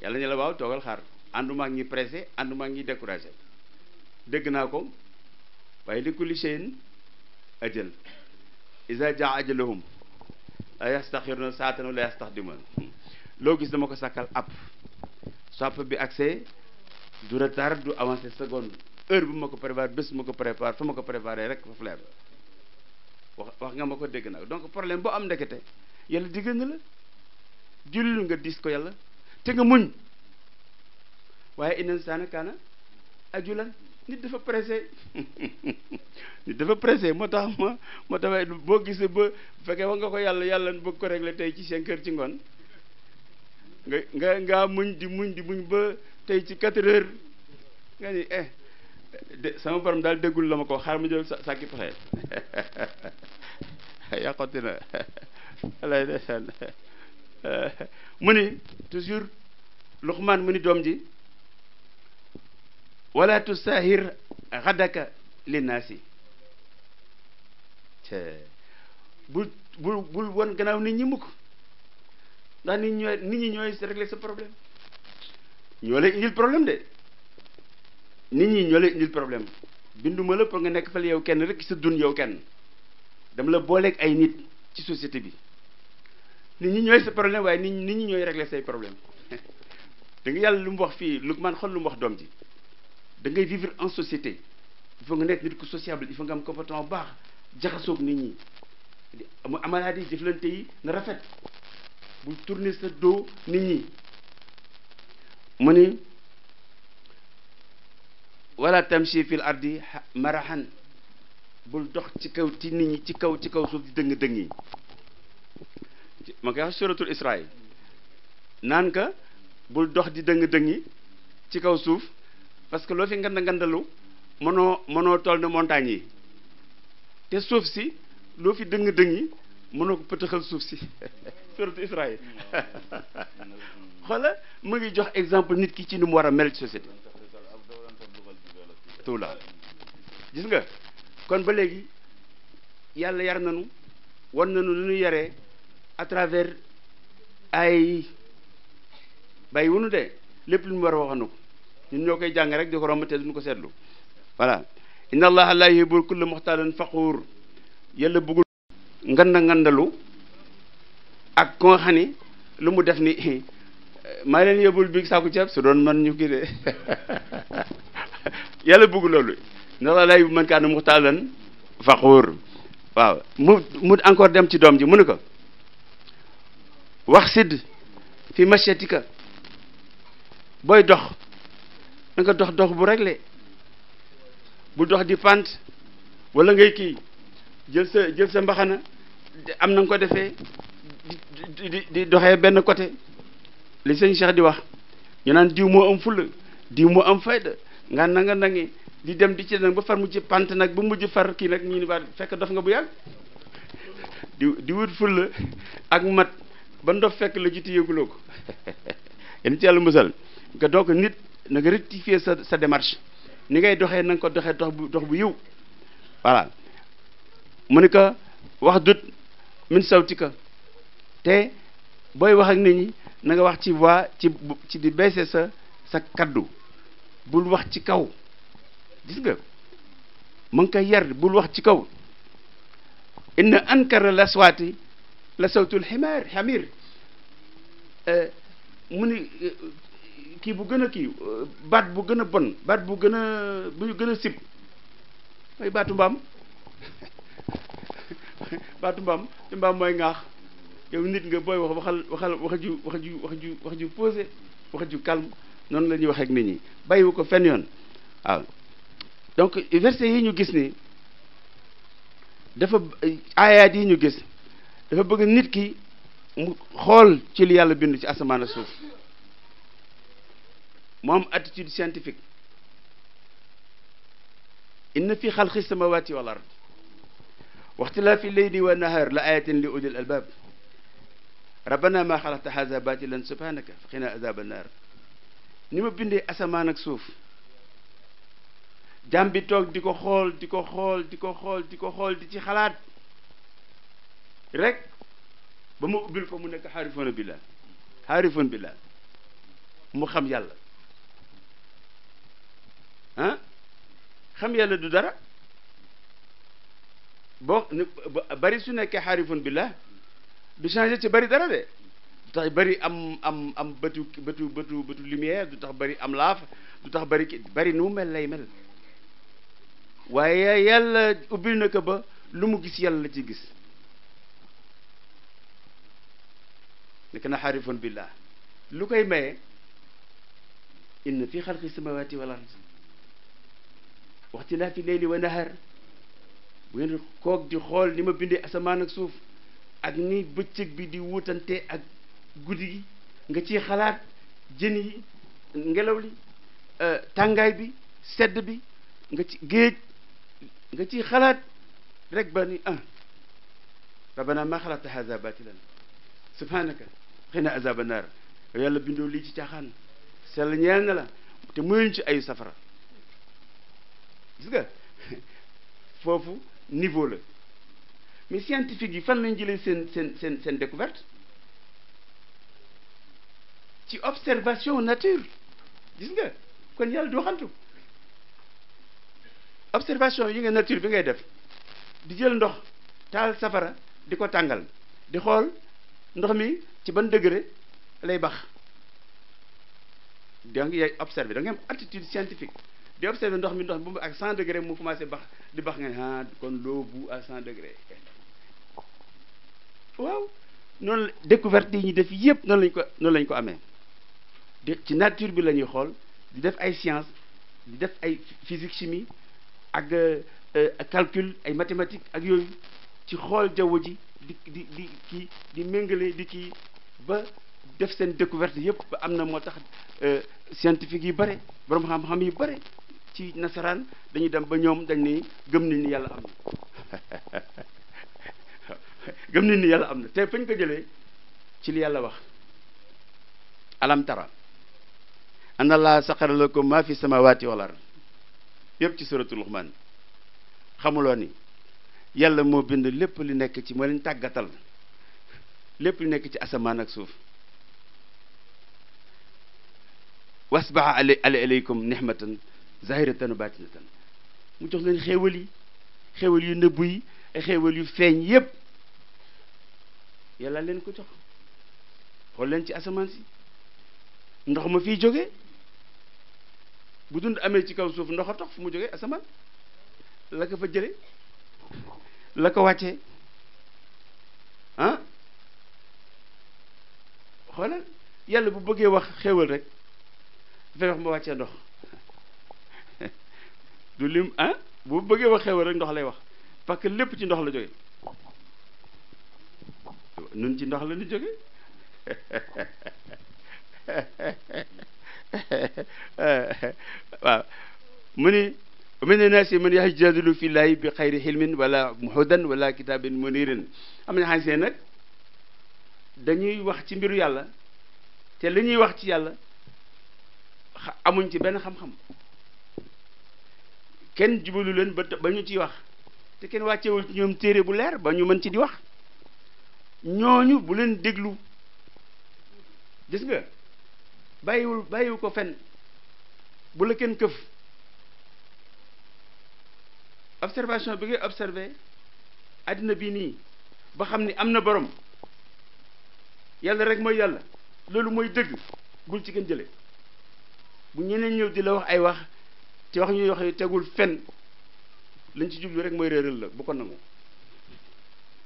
yàlla ñu la waaw toogal xaar ànduma ak ñi pressé ànduma ak ñi découragé dégg naa ko waaye li kulli shay'in ajal iza jaa ajaluhum la yastaxiruna saatan wala yastaxdimuna loo gis dama ko sàkkal app sopp bi accès du retard du avancé seconde heure bi ma ko préparé bés ma ko préparé fa ma ko préparé rek foofu leer wax wax nga ma ko dégg naa donc problème boo am ndekete yàlla diggal na la jullu nga dis ko yàlla te nga muñ waaye inna insaana kaana ajulan nit dafa pressé nit dafa pressé moo tax ma moo tax boo gisee ba fekkee wax nga ko yàlla yàlla bëgg ko régler tey ci cinq kër ci ngoon nga nga ngaa muñ di muñ di muñ ba tey ci quatre heures nga ni eh de sama borom daal déggul la ma ko xaar ma jël sàkki pexe yàqoti na alay ndeysaan mu ni toujours Luqmaan mu ni doom ji wala tusaahir xadaka linnaasi bul bul bul won gannaaw nit ñi mukk ndax nit ñooy nit ñi ñooy régler sa problème ñoo lay indil problème de nit ñi ñoo lay indil problème binduma la pour nga nekk fële yow kenn rek sa dun yow kenn dama la booleeg ay nit ci société bi nit ñi ñooy sa problème waaye nit nit ñi ñooy régler say problème da yàlla lu mu wax fii Luqman xool lu mu wax doom ji dangay ngay vivre en société il faut nga nekk nit ku sociable il faut nga am comportement bu baax jaxasoog nit ñi mu amalaadi jëflante yi na rafet bu tourner sa dos nit ñi mu ni wala tamshi fil ardi marahan bul dox ci kaw ci nit ñi ci kaw ci kaw suuf di dëng dëng yi ma koy wax suratul Israa naan ka bul dox di dëng dëng yi ci kaw suuf parce que loo fi nganda ngandalu mënoo mënoo toll ne montagne yi te suuf si loo fi dëng dëng yi mënoo ko pëtëxal suuf si surtout Israël xoola mu ngi jox exemple nit ki ci ni mu war a mel ci société tuula nga kon ba léegi yàlla yar nañu wan nañu lu ñu yare à travers ay bay wunu de lépp lu mu war a waxanu ko ñun ñoo koy jàng rek di ko romb te duñ ko seetlu voilà inna allaha la yuhibbu kulla muxtaalin faxuur yàlla bëggul nganda ngandalu ak ko lu mu def ni maa leen yóbbul bi saaku ceeb su doon man ñu kii de yàlla bëggul loolu inna allaha la yuhibbu man kaana muxtaalan faxuur waaw mu mu encore dem ci doom ji mu ne ko wax sidd fi machietika booy dox na nga dox dox bu réglé bu dox di pant wala ngay kii jël sa jël sa mbaxana am na nga ko defee di di doxee benn côté li sëñ Cheikh di wax ñu naan diw moo am fulla diw moo am fayda nga nanga nga di dem di ci nag ba far mujj pant nag ba mujj far kii nag ñu ni fekk dof nga bu yàgg di di wut fulla ak mat ba ndof fekk la jiite yëguloo ko yéen ci yàlla musal nga donc nit na nga rectifier sa sa démarche ni ngay doxee nanga ko doxee dox bu dox bu yiw voilà mu ni ko wax dut min sawtika te booy wax ak nit ñi nanga wax ci voix ci ci di baissé sa sa kaddu bul wax ci kaw gis nga mu ngi koy yar bul wax ci kaw inna ankara la aswaati la sawtul ximaar xamir eh, mu ni kii bu gën a kii euh, baat bu gën a bon baat bu gën a bu gën a sib mooy baatu mbaam baatu mbaam mbaam mooy ngaax yow nit nga booy wax waxal waxal wax ju wax ju wax ju pose wax ju calme noonu la ñuy waxee ak nit ñi bàyyiwu ko fenn yoon waaw donc verset yi ñu gis ni dafa aayaat yi ñu gis dafa bëgg nit ki mu xool ci li yàlla bind ci asamaan ak suuf moom attitude scientifique inna fi xalqi samawati wal ard waxtilaafi leyli wa nahar la ayatin li ulil albab rabbana ma xalaqta haza batilan subhanaka faqina azaba naar ni ma bindee asamaan ak suuf jàm bi di ko xool di ko xool di ko xool di ko xool di ci xalaat rek ba mu ubbil ko mu nekk xaarifoon bila xaarifoon bila mu xam yàlla ah xam yàlla du dara boo bari su nekkee xaarifun billah du changé ci bari dara de du tax bari am am am bëtu bëtu bëtu du tax bari am laaf du tax bari ki bari nu mu mel lay mel waaye yàlla ubbil na ko ba lu mu gis yàlla la ci gis nekk na xaarifun billah lu koy maye inna fi xalqi wa wal ard waxtilaafi leyli wa nahar bu ngeen koog di xool ni ma bindee asamaan ak suuf ak ni bëccëg bi di wutante ak guddi gi nga ci xalaat jën yi ngelaw li euh, tàngaay bi sedd bi nga ci géej nga ciy xalaat rek ba ni ah rabbana ma xalaqta hada batilan subhanaka xina azaba naar yàlla bindoo lii ci caaxaan sell ñeel na la te muyuñ ci ayu safara gis nga foofu niveau la mais scientifique yi fan lañ jëlee seen seen seen seen découverte ci observation nature gis nga kon yàlla du waxantu observation yi nga nature bi ngay def di jël ndox taal safara di ko tàngal di xool ndox mi ci ban degré lay bax donc yaay observé da nga am attitude scientifique di observé ndox mi ndox mi ba ak 100 degré mu commencé bax di bax nga ne ah kon l'eau bout à 100 waaw noonu la découverte yi ñu def yépp noonu lañ ko noonu lañ ko amee ci nature bi lañuy xool di def ay science di def ay physique chimie euh, ak calcul ay mathématiques ak yooyu ci xool jaww ji di di di kii di méngale di kii ba def seen découverte yépp ba am na moo tax euh, scientifique yi bare boroom xam-xam yu bare ci nasaraan dañuy dem ba ñoom dañ ni gëm nañ ni yàlla am na gëm nañ ni yàlla am na te fañ ko jëlee ci li yàlla wax alam tara anna allaha saxara lakum ma fi samawati wal ard ci suratul luqman xamuloo ni yàlla moo bind lépp li nekk ci moo leen tàggatal lépp li nekk ci asamaan ak suuf wasbaxa ale ale aleykum nihmatan zahiratan wa baatinatan mu jox leen xéewal yi xéewal yu nëbbu yi ak xéewal yu feeñ yépp yàlla leen ko jox xool leen ci asamaan si ndox ma fi jóge bu dund amee ci kaw suuf ndox a tox fu mu jógee asamaan la ko fa jële la ko wàccee ah xoolal yàlla bu bëggee wax xéewal rek dafay wax ma wàccee ndox du lim ah bu bëggee wax xewal rek ndox lay wax parce que lépp ci ndox la jóge nun ci ndox la ñu jóge waaw mu ni min annaasi man yajadilu fi llaahi bi xayri xilmin wala hudan wala kitaabin munirin am na xaañ see nag dañuy wax ci mbiru yàlla te li ñuy wax ci yàlla amuñ ci benn xam-xam kenn jubalu leen ba ba ñu ciy wax te kenn wàccewul ci ñoom téere bu leer ba ñu mën ci di wax ñooñu bu leen déglu des nga bàyyiwul bàyyiwu ko fen bu la kenn këf observation bi ngay observé àddina bii nii ba xam ni am na boroom yàlla rek mooy yàlla loolu mooy dëgg bul ci gën jële bu ñeneen ñëw di la wax ay wax ci wax ñuy wax yu tegul fen lañ ci jublu rek mooy réeral la bu ko nangu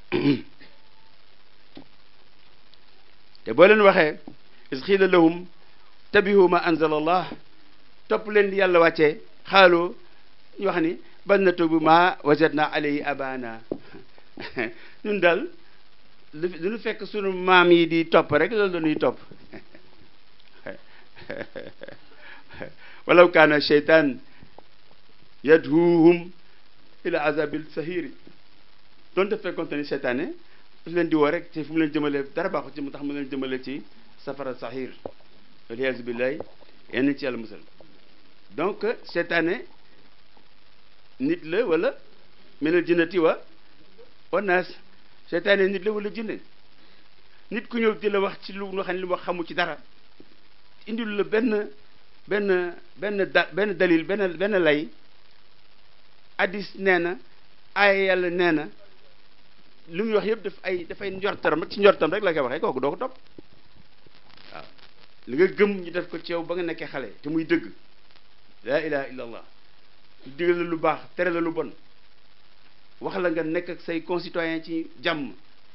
te boo leen waxee is xiila lahum tabihu ma anzala topp leen di yàlla wàcce xaaloo ñu wax ni bal natruku ma wajadna alayhi abana ñun daal lu ñu fekk sunu maam yi di topp rek loolu lañuy topp walaw kaana sheytaan yadhuhum ila azabil sahiri donte fekkonte ni seytaane daf leen di woo rek te fu mu leen jëmale dara baaxu ci mu tax mu leen jëmale ci safara sahir aliyasu billahi yenn ci yàlla musal donc seytaane nit la wala menel jinnati wa onas seytaane nit la wala jinne nit ku ñëw di wax ci lu nga xam ne lu ma xamu ci dara indil la benn benn benn da benn dalil benn benn lay addis nee na aaya yàlla e nee na lu muy wax yëpp daf ay dafay njortaram rek ci njortaram rek la koy waxee kooku doo ko topp waaw li nga gëm ñu def ko ci ba nga nekkee xale te muy dëgg laa ilaha illa la lu baax tere la lu bon wax la nga nekk say consitoyen ci jàmm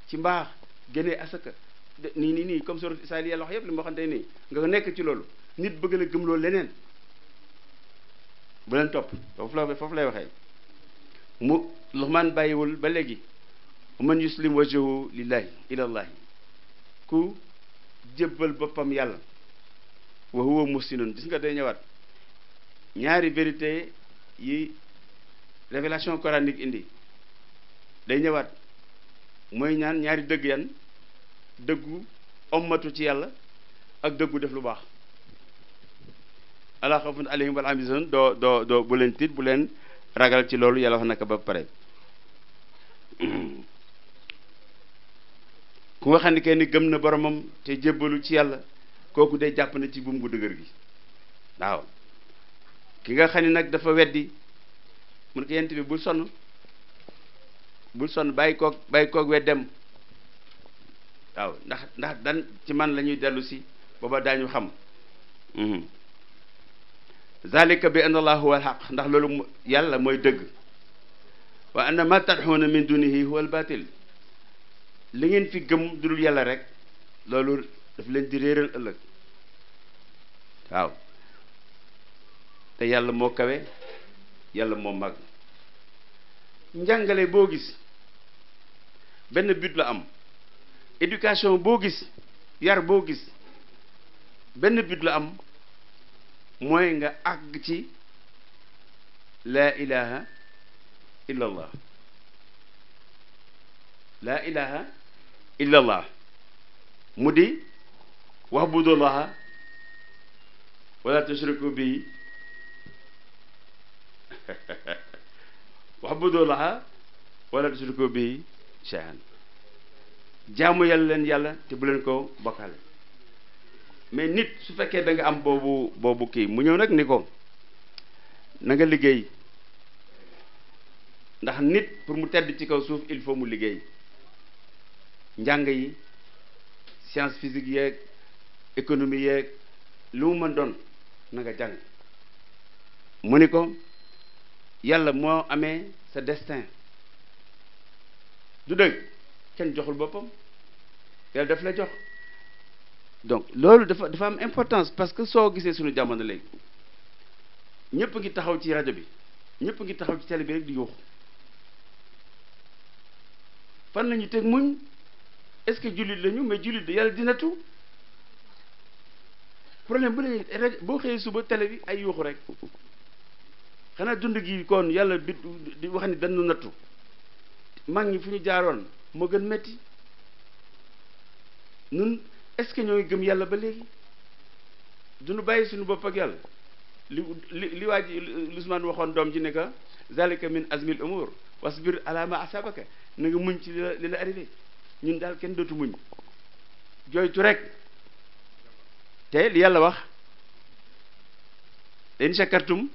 ci mbaax génnee asaka nii nii nii comme sourate Israël yàlla wax yëpp li ma waxante nii nga nekk ci loolu nit bëgg la gëm loolu leneen bu leen topp foofu la foofu lay waxee mu Luqmaan bàyyiwul ba léegi man yuslim wajhahu lillahi ilallahi ku jébbal boppam yàlla wa huwa muhsinun gis nga day ñëwaat ñaari vérité yi révélation coranique indi day ñëwaat mooy ñaan ñaari dëgg yan dëggu omatu ci yàlla ak dëggu def lu baax ala xafun alayhim wala amisun doo doo doo bu tiit bu leen ragal ci loolu yàlla wax naka ba pare ku nga xam ne kenn gëm na boromam te jébbalu ci yàlla kooku de jàpp na ci buum gu dëgër gi waaw ki nga xam ni nag dafa weddi mun ko yent bi bul sonn bul sonn bàyyi koog bàyyi koog weddem waaw ndax ndax dan ci man la ñuy dellu booba daañu xam zalika bi anna allah huwa alxaq ndax loolu yàlla mooy dëgg wa anna ma tadxuuna min dunihi huwa albatil li ngeen fi gëm dul yàlla rek loolu daf leen di réeral ëllëg waaw te yàlla moo kawe yàlla moo mag njàngale boo gis benn bit la am éducation boo gis yar boo gis benn bit la am mooy nga àgg ci laa ilaha illa allah laa ilaha illa allah mu di wahbudullaha wala tushriku bi wahbudullaha wala tushriku bi shay'an jaamu yàlla leen yàlla te bu leen ko bokkale mais nit su fekkee da nga am boobu boobu kii mu ñëw nag ni ko na nga liggéey ndax nit pour mu tedd ci kaw suuf il faut mu liggéey njàng yi science physique yeeg économie yeeg lu mu mën doon na jàng mu ni ko yàlla moo amee sa destin du dëgg kenn joxul boppam yàlla daf la jox donc loolu dafa dafa am importance parce que soo gisee suñu jamono léegi ñëpp ngi taxaw ci rajo bi ñëpp ngi taxaw ci télé bi rek di yuux fan lañu teg muñ est-ce que jullit lañu mais jullit da yàlla dina tu problème bu ne rajo boo xëyee suba télé bi ay yuuxu rek xanaa dund gi kon yàlla bi di wax ni dañu nattu mag ñi fu ñu jaaroon moo gën metti nun est-ce que ñoo ngi gëm yàlla ba léegi duñu bàyyi suñu bopp ak yàlla li li li waa waxoon doom ji ne que zalika min azmil umur wasbir ala ma asabaka na muñ ci li la li ñun daal kenn dootu muñ jooytu rek te li yàlla wax la in shakartum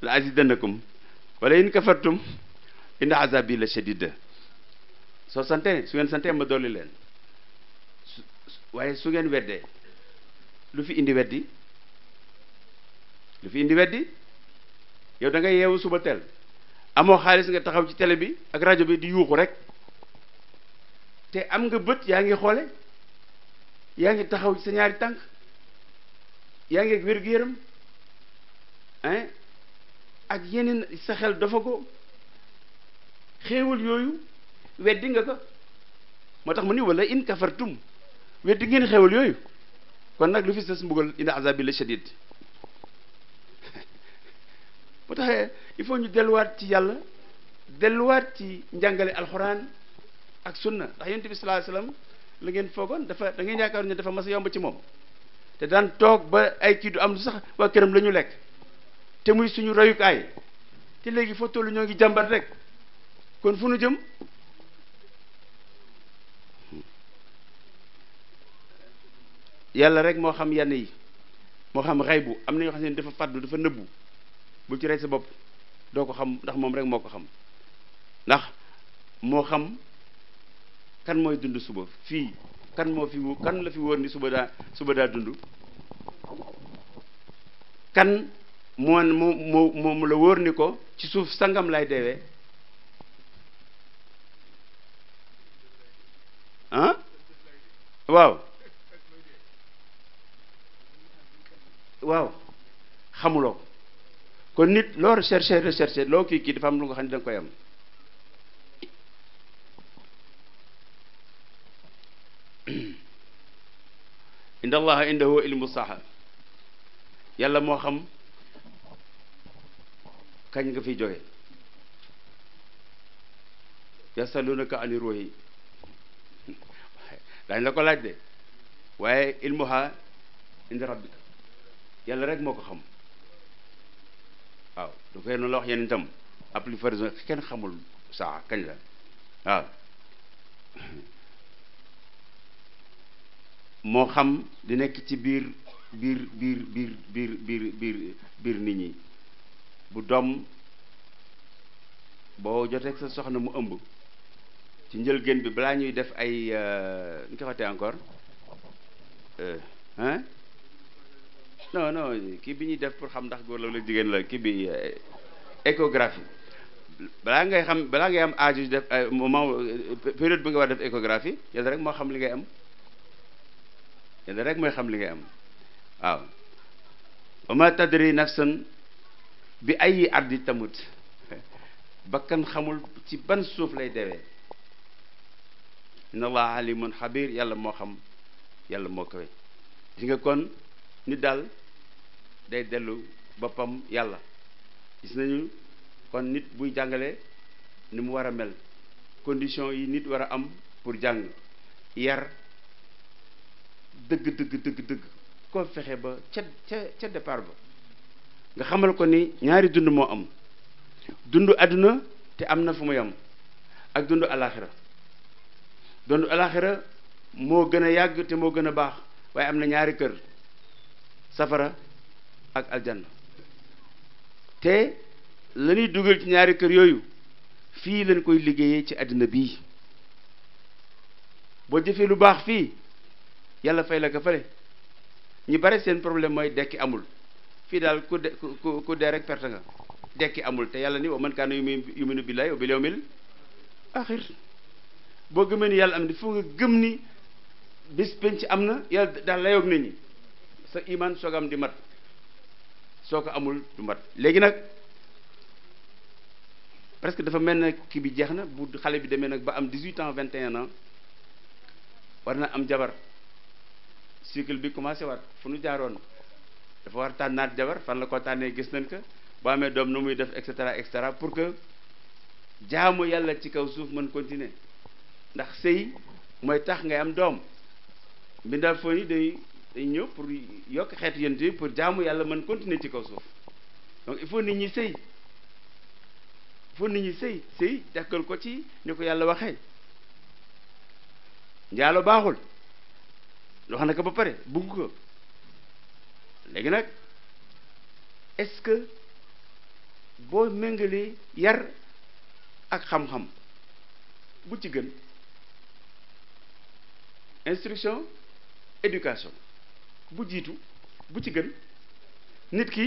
la azidanakum wala in kafartum inna azabi la shadida soo sante su ngeen sante ma dolli leen waaye su ngeen weddee lu fi indi weddi lu fi indi weddi yow dangay nga yeewu suba teel amoo xaalis nga taxaw ci tele bi ak rajo bi di yuuxu rek te am nga bët yaa ngi xoole yaa ngi taxaw ci sa ñaari tànk yaa ngi ak wér ak yeneen sa dafa ko xéewal yooyu weddi nga ko moo tax mu ni wala in kafartum weddi ngeen xewal yooyu kon nag lu fi sës mbugal inna azabi la shadid bu taxee il faut ñu delluwaat ci yàlla delluwaat ci njàngale alxuraan ak sunna ndax yonent bi sallallahu alayhi wasallam la ngeen foogoon dafa da ngeen yaakaar ne dafa mas a yomb ci moom te daan toog ba ay kii du am sax waa këram la lekk te muy suñu rayukaay te léegi foo tollu ñoo ngi jàmbat rek kon fu nu jëm yàlla rek moo xam yenn yi moo xam xay bu am na ñoo xam ne dafa fàddu dafa nëbbu bu ci rey sa bopp doo ko xam ndax moom rek moo ko xam ndax moo xam kan mooy dund suba fii kan moo fi kan la fi wóor ni suba daa suba daa dund kan moo moo moo la wóor ni ko ci suuf sangam lay deewee waaw waaw xamuloo ko kon nit loo recherché recherché loo kii kii dafa am lu nga xam ne danga koy am inda allaha indahu ilmu saha yàlla moo xam kañ nga fi jóge yasalunaka ani ruhi daañu la ko laaj de waaye ilmuha inda rabbika yàlla rek moo ko xam waaw du koy noonu la wax yéen itam farison kenn xamul saa kañ la waaw moo xam di nekk ci biir biir biir biir biir biir biir biir nit ñi bu doom boo jotee sa soxna mu ëmb ci njëlgeen bi balaa ñuy def ay euh, ñu ko waxatee encore euh, hein non non kii bi ñuy def pour xam ndax góor la wala jigéen la kii bi euh, échographie balaa ngay xam balaa ngay am âge yu def euh, moment euh, période bi nga war def échographie yàlla rek moo xam li ngay am rek mooy xam li ngay am waaw wa tadri nafsan bi ay ardi tamut bakkan xamul ci ban suuf lay dewee inna allah alimun xabir yàlla moo xam yàlla moo kawe gis nga kon nit daal day dellu boppam yàlla gis nañu kon nit buy jàngale ni mu war a mel condition yi nit war a am pour jàng yar dëgg dëgg dëgg dëgg koo fexe ba ca ca ca départ ba nga xamal ko ni ñaari dund moo am dund àdduna te am na fu mu yam ak dund alaxira dund alaxira moo gën a yàgg te moo gën a baax waaye am na ñaari kër safara ak aljanna te la ñuy dugal ci ñaari kër yooyu fii lañ koy liggéeyee ci àddina bii boo jëfee lu baax fii yàlla fay la ko fële ñu bare seen problème mooy dekki amul fii daal ku de ku ku dee rek perte nga dekki amul te yàlla ni wa man kaana yuminu billahi wa bil yawmil axir boo gëmee ni yàlla am ni foo nga gëm ni bis penc am na yàlla daal layoog nit ñi sa iman soog di mat soo ko amul du mat léegi nag presque dafa mel ne kii bi jeex na bu xale bi demee nag ba am 18 ans 21 ans war na am jabar cycle bi commencé waat fu nu jaaroon dafa war tànnaat jabar fan la ko tànnee gis nañ ko boo amee doom nu muy def et cetera et cetera pour que jaamo yàlla ci kaw suuf mën continuer ndax sëy mooy tax ngay am doom mbindaa foo ni day day ñëw pour yokk xeetu yonent yi pour jaamu yàlla mën continuer ci kaw suuf donc il faut nit ñi sëy sëy sëy dakkal ko ci ni ko yàlla waxee njaalo baaxul wax na ko ba pare bugg ko léegi nag est-ce que boo méngalee yar ak xam-xam bu ci gën instruction éducation bu jiitu bu ci gën nit ki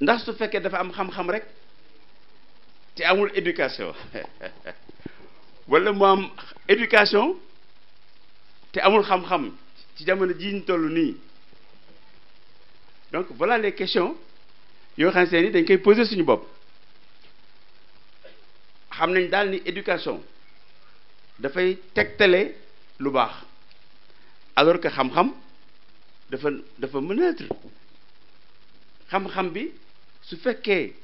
ndax su fekkee dafa am xam-xam rek te amul éducation walla mu am éducation te amul xam-xam ci jamono jii ñu toll nii donc voilà les question yoo xam ne dañ koy poser suñu bopp xam nañ daal ni éducation dafay teg tele lu baax alors que xam-xam. dafa dafa mëneutre xam-xam bi su fekkee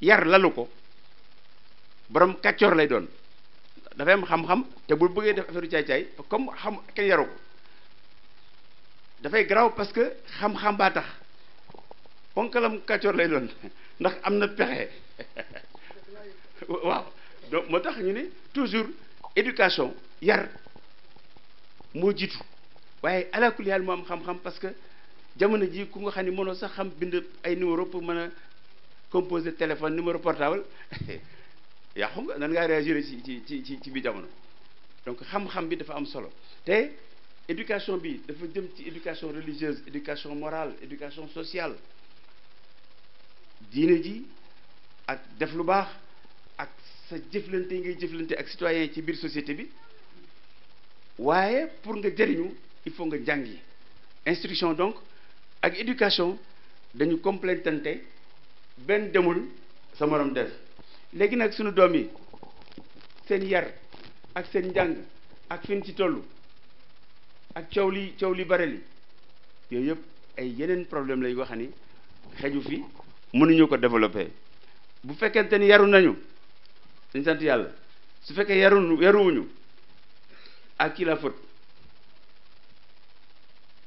yar lalu ko borom kàccoor lay doon dafay am xam-xam te bu bëggee def affaire caay-caay comme xam kenn yaru ko dafay garaw parce que xam-xam baa tax ponkalam kàccoor lay doon ndax am na pexe waaw donc moo tax ñu ne toujours éducation yar moo jiitu waaye alakul yàlla moo am xam-xam parce que jamono ji ku nga xam ne mënoo sax xam bind ay numéro pour mën a composer téléphone numéro portable yaa xam nga nan ngaa réagir ci ci ci biir ci jamono donc xam-xam bi dafa am solo te éducation bi dafa jëm ci éducation religieuse éducation morale éducation sociale diine ji ak def lu baax ak sa jëflante ngay jëflante ak citoyen ci biir société bi waaye pour nga jëriñu il faut nga yi instruction donc ak éducation dañu complétante benn demul sa morom des léegi nag sunu doom yi seen yar ak seen njàng ak fin ci toll ak coow li coow li bare li yooyu yëpp ay yeneen problème lay yoo xam ni xeju fi mënuñu ko développer bu fekkente ni yaru nañu dañ sant yàlla su fekkee yaru yaruwuñu ak ki la faute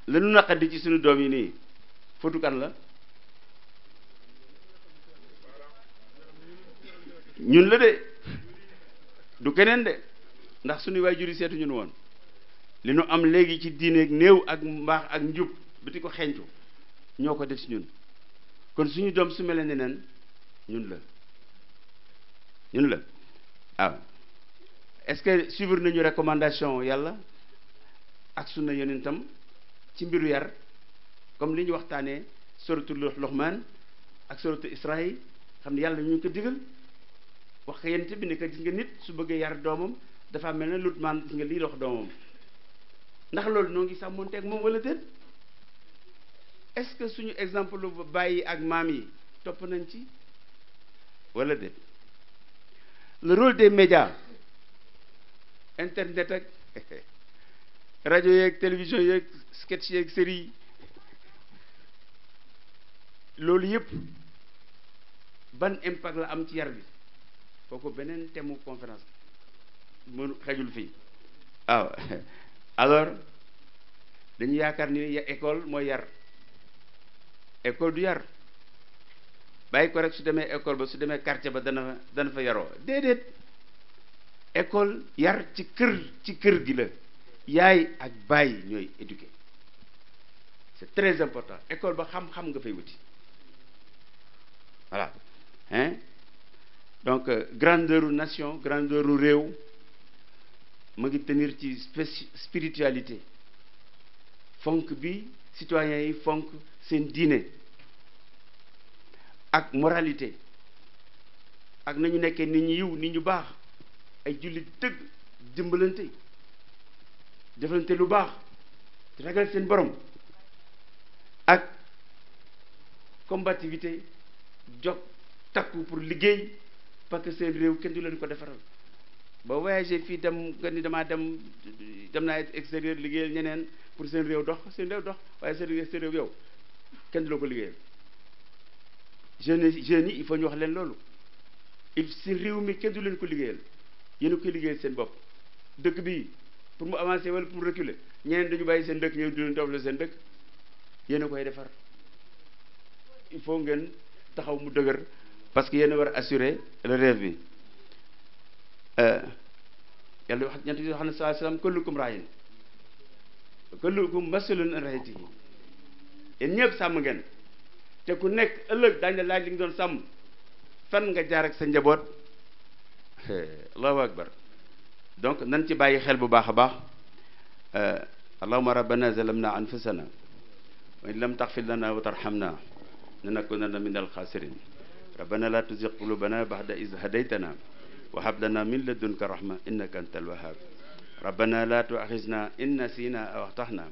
lanu naqadi ci suñu doom yi nii fotu kan la ñun la de du keneen de ndax suñu waay juri seetu ñun woon li nu am léegi ci diineeg néew ak mbaax ak njub bi di ko xeeñtu ñoo ko def si ñun kon suñu doom su mel ne ñun la ñun la waaw est-ce que suivre nañu recommandation yàlla ak sunna yonentam ci mbiru yar comme li ñu waxtaanee suratu Luqmaan ak suratu Israël xam ne yàlla ñu ngi ko digal wax ko yent bi ne ko gis nga nit su bëggee yar doomam dafa mel ne Luqmaan gis nga lii la wax doomam ndax loolu noo ngi sàmmonteeg moom wala déet est-ce que suñu exemple bu bàyyi ak maam yi topp nañ ci walla déet le rôle de médias internet ak rajo yeeg télévision yeeg sketch yeeg série yi loolu yëpp ban impact la am ci yar bi kooku beneen thème mu conférence xajul fii waaw alors dañu yaakaar ni école mooy yar école du yar bàyyi ko rek su demee école ba su demee quartier ba dana fa dana fa yaroo déedéet école yar ci kër ci kër gi la yaay ak baay ñooy éduqué c'est très important école ba xam-xam nga fay wuti voilà hein donc euh, grandeur u nation grandeur u réew ma ngi tenir ci spiritualité fonk bi citoyens yi fonk seen diine ak moralité ak nañu nekkee nit ñu yiw nit ñu baax ay jullit dëgg dimbalante defalante lu baax ragal seen borom ak combativité jot takku pour liggéey parce que seen réew kenn du leen ko defaral ba voyagé fii dem nga ni damaa dem dem naa extérieur liggéeyal ñeneen pour seen réew dox seen réew dox waaye seen réew yow kenn du ko liggéeyal jeunes jeunes yi il faut ñu wax leen loolu il si réew mi kenn du leen ko liggéeyal yéen a koy liggéeyal seen bopp dëkk bi pour mu avancer wala pour mu reculer ñeneen dañu bàyyi seen dëkk ñëw du leen dofle seen dëkk yéen a koy defar il faut ngeen taxaw mu dëgër parce que yéen war a assurer le rêve bi euh, yàlla wax ñent bi xam ne saa salaam sàmm ngeen te ku nekk ëllëg daañu laaj li nga doon sàmm fan nga jaarak sa njaboot allahu akbar donc nan ci bàyyi xel bu baax a baax euh, allahuma rabbana zalamna anfusana wa in lam taxfir lana wa tarhamna lanakunanna min alxaasirin rabbana la tuzig qulubana baxda is hadaytana wa hab lana min ladunka rahma innaka anta alwahab rabbana la tuaxisna in nasina aw axtaxna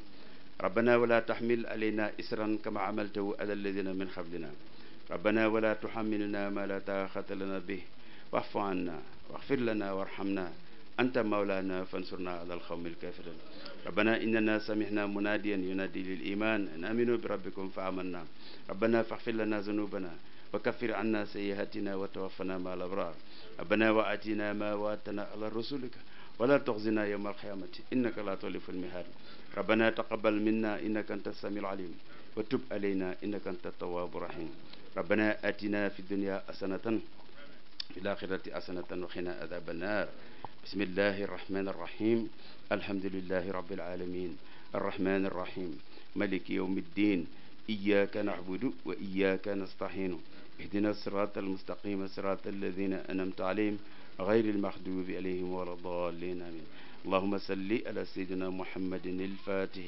rabbana wala taxmil alayna isran kama amaltahu ala alladina min xablina rabbana wala tuxamilna ma la taaxata lana bih waxfu anna waxfir lana warxamna anta mawlana fansurna ala alqawmi alkafirin rabbana innana samihna munadiyan yunadi lil iman an aminu bi rabbikum fa amanna rabbana faghfir lana zunubana wa kaffir anna sayyihatina wa tawaffana ma al abrar rabbana wa atina ma waatana ala rusulika wala tuxzina yawma alqiyamati innaka la tuxlifu almihad rabbana taqabbal minna innaka anta samiul alim wa tub alayna innaka anta tawwabu rahim rabbana atina fi dunya hasanatan fi l axirati hasanatan wa qina adhaban nar bismillahi irrahmani irrahim alhamdulilahi rabbil alamin arrahmani irrahim maliki yawmi ddin iyyaka na'budu wa iyyaka nasta'inu ihdina sirata almustaqima sirata alladina an'amta alayhim غير المغضوب عليهم ولا الضالين آمين اللهم صل على سيدنا محمد الفاتح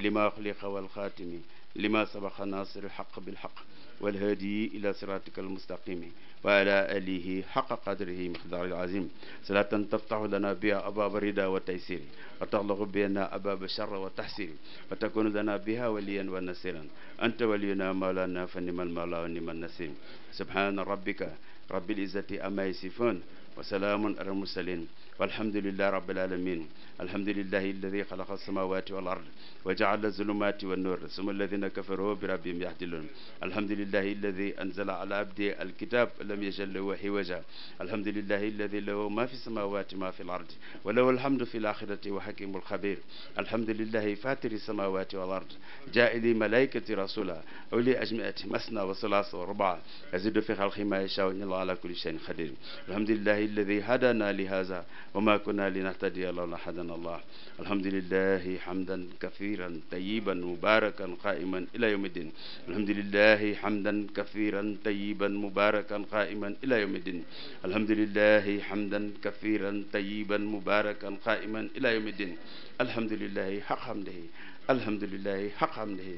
لما أغلق والخاتم lima sabaqa nasiril xaq bil xaq walhaadiyi ila siratika almustaqimi wa ala alihi xaqa qadrihi miqdaaril azim salatan taftaxu lana biha ababa rida wa taysiri wa taxlaqu bina ababa charra wa taxsiri wa takunu lana biha waliyan wa nasiran anta waliyuna mawlana fa nimal mawla wa nimal nasir subhana rabbika rabbil izzati amma yasifun wa salaamun alal mursalin walhamdulillahi rabbil alamin alhamdulillahi alladi xalaqa alsamawati wal ard wa jaala zulumati wa nur suma alladina kafaru bi rabbihim yahdilun alhamdulillahi alladi anzala ala abdi alkitab lam yajal lahu hiwaja alhamdulillahi alladi lahu ma fi samawati ma fi l ard wa lahu alhamdu fi laxirati wa hakimu lxabir alhamdulillahi fatiri samawati wal ard jaili malaikati rasula aw li ajmiati masna wa salasa wa rubaa azidu fi xalqi ma yashaa inna allaha ala kulli shayin qadir alhamdulillahi alladi hadana li hada wa ma kunna linahtadiya lawla hadana allah alhamdulillahi hamdan kathiran tayyiban mubarakan qa'iman ila yawmiddin alhamdulillahi hamdan kathiran tayyiban mubarakan qa'iman ila yawmiddin alhamdulillahi hamdan kathiran tayyiban mubarakan qa'iman ila yawmiddin alhamdulillahi haqqa hamdihi alhamdulillahi haqqa hamdihi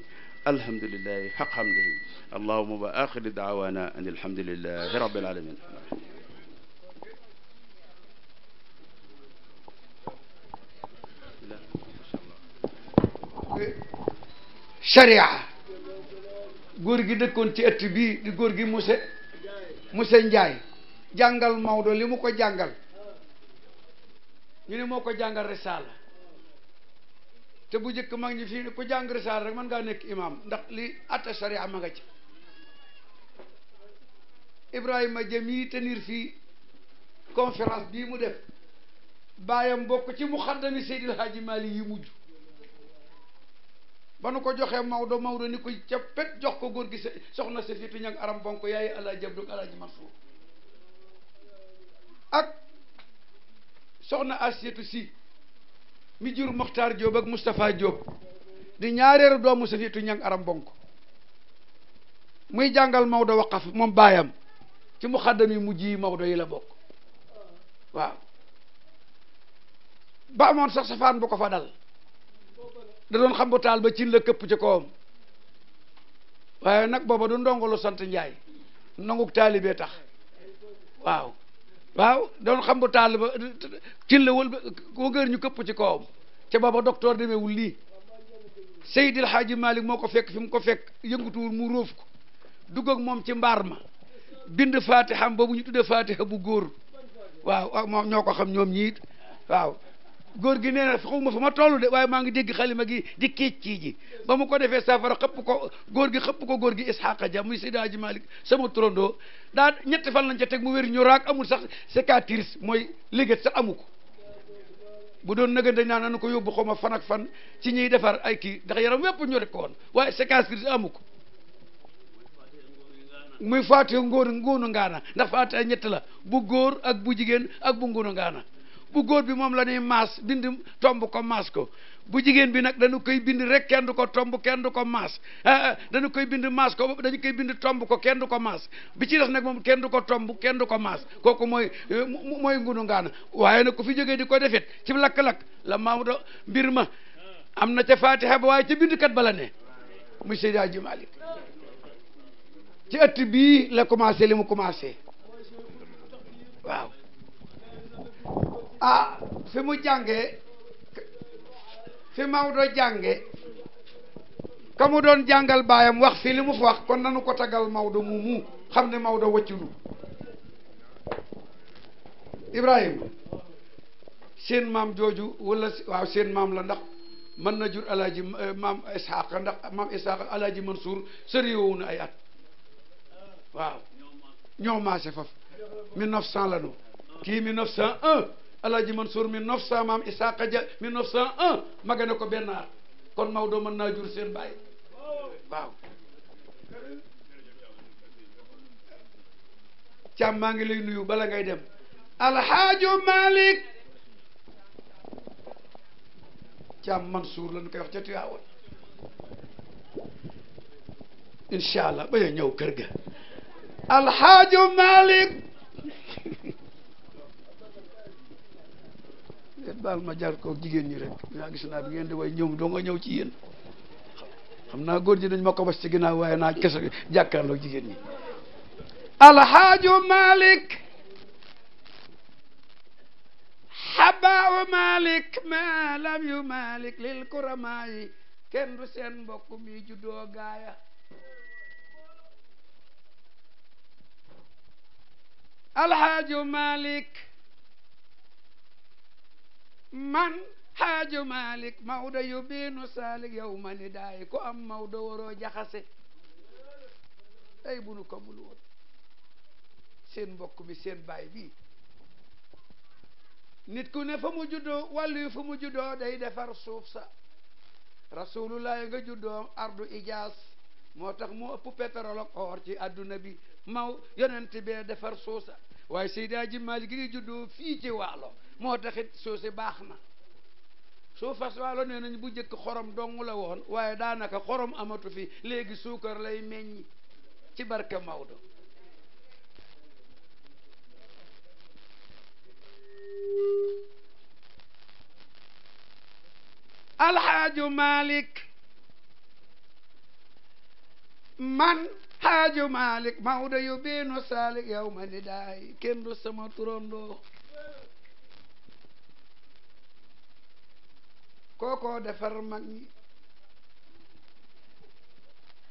alhamdulillahi haqqa hamdihi allahumma wa axiru da'wana anil hamdulillahi rabbil alamin sharia góor gi dëkkoon ci ëtt bii di góor gi muse muse njaay jàngal Maodo li mu ko jàngal ñu ne moo ko jàngal risaala te bu njëkk mag ñi fii ne ku jàng risaala rek mën ngaa nekk imam ndax li atta sharia ma nga ci Ibrahima jëm yi tenir fii conférence bii mu def baayam bokk ci muxaddami Seydil yi Maali yi mujj ba nu ko joxee Maodo Maodo ni ko ca jox ko góor gi sa soxna sa fitu ñang aram bonko yaay alaaji Abdu alaaji Mansuur ak soxna Asiyatu si mi jur Moxtaar Diop ak Moustapha Diop di ñaareelu doomu sa fitu ñang aram bonko muy jàngal Maodo waqaf moom baayam ci muxaddam yi mujj yi Maodo yi la bokk waaw ba amoon sax safaan bu ko fa dal da doon xam bu taal ba cin la këpp ci kawam waaye nag booba du ndongo sant njaay nanguk taalibee tax waaw waaw doon xam bu taal ba cin la wël wëgër ñu këpp ci kawam ca booba docteur demeewul lii Seydil Hadji Malick moo ko fekk fi mu ko fekk yëngutuwul mu róof ko dugg ak moom ci mbaar ma bind faatiham boobu ñu tudde faatiha bu góor waaw moom ñoo ko xam ñoom ñiit waaw góor gi nee na xawma fu ma tollu de waaye maa ngi dégg xalima gi di kiic kii ji ba mu ko defee safara xëpp ko góor gi xëpp ko góor gi Isxaaqa ja muy Seydi Aji Malik sama turandoo daa ñetti fan lañ ca teg mu weer ñu raak amul sax cicatrice mooy liggéey sax amu ko bu doon nëgën dañ naan nañu ko yóbbu xaw ma fan ak fan ci ñuy defar ay kii ndax yaram wépp ñoo def ko woon waaye cicatrice amu ko muy faatee ngóonu ngóonu ngaana ndax faatee ñett la bu góor ak bu jigéen ak bu ngóonu ngaana bu góor bi moom la ñuy maas bind tomb ko maas ko bu jigéen bi nag dañu koy bind rek kenn du ko tomb kenn du ko maas ah, ah, dañu koy bind maas ko dañu koy bind tomb ko kenn du ko maas bi ci nag moom kenn du ko tomb kenn du ko maas ko mooy euh, mooy ngunu ngaana waaye nag ko fi jógee di ko defit ci lakk-lakk la maamu do mbir ma am na ca fatiha ba waaye ca bindkat ba la ne muy Seydi Hadji Malick ci ëtt bii la commencé li mu commencé waaw ah fi mu jànge fi Maodo jànge ka mu doon jàngal baayam wax fi li wax kon nanu ko tagal Maodo mu mu xam ne Maodo wëcculu Ibrahima seen maam jooju walla waaw seen maam la ndax mën na jur alaaji eh, maam Ishaq ndax maam Ishaq alaaji Mansour sëriwoo na ay at waaw ñoo maase faf mille neuf cent la nu kii mille neuf cent un alaaji Mansour mille neuf cent maam Isaaqa Dia mille neuf cent ko benn kon Maodo mën naa jur seen bàyyi maa ngi lay nuyu bala ngay dem alxaajo Malick càmm lañ koy wax ca Tiwaawan incha ba ñëw kër ga alxaajo Malick ngeen baal ma jaar ko jigéen ñi rek yaa gis bi ngeen di way ñëw doo nga ñëw ci naa góor ñi dañ ma ko bas ci ginnaaw waaye naa kese malik xabaa malik ma lam yu malik lil yi kenn du seen mbokk mi malik man xaaju malik mawdo yu biinu saalik yow ma ni daay ku am mawdo waroo jaxase ay bunu ko mul woon seen mbokk bi seen baay bi nit ku ne fa mu juddoo wàllu yu fa mu juddoo day defar suuf sa rasulullah nga juddoo ardu ijaas moo tax mu ëpp pétrole ak ci adduna bi maw yonent bee defar suuf sa waaye Seydi Aji Maalik gi ngi juddoo fii ci waalo moo taxit soose baax na suufas waalo nee nañ bu njëkk xorom dong la woon waaye daanaka xorom amatu fi léegi suukar lay meññ ci barke Maodo alxaaju Malik man xaaju Malik Maodo yu beenu saalik yow ma ni daay kenn du sama turandoo kookoo defar mag ñi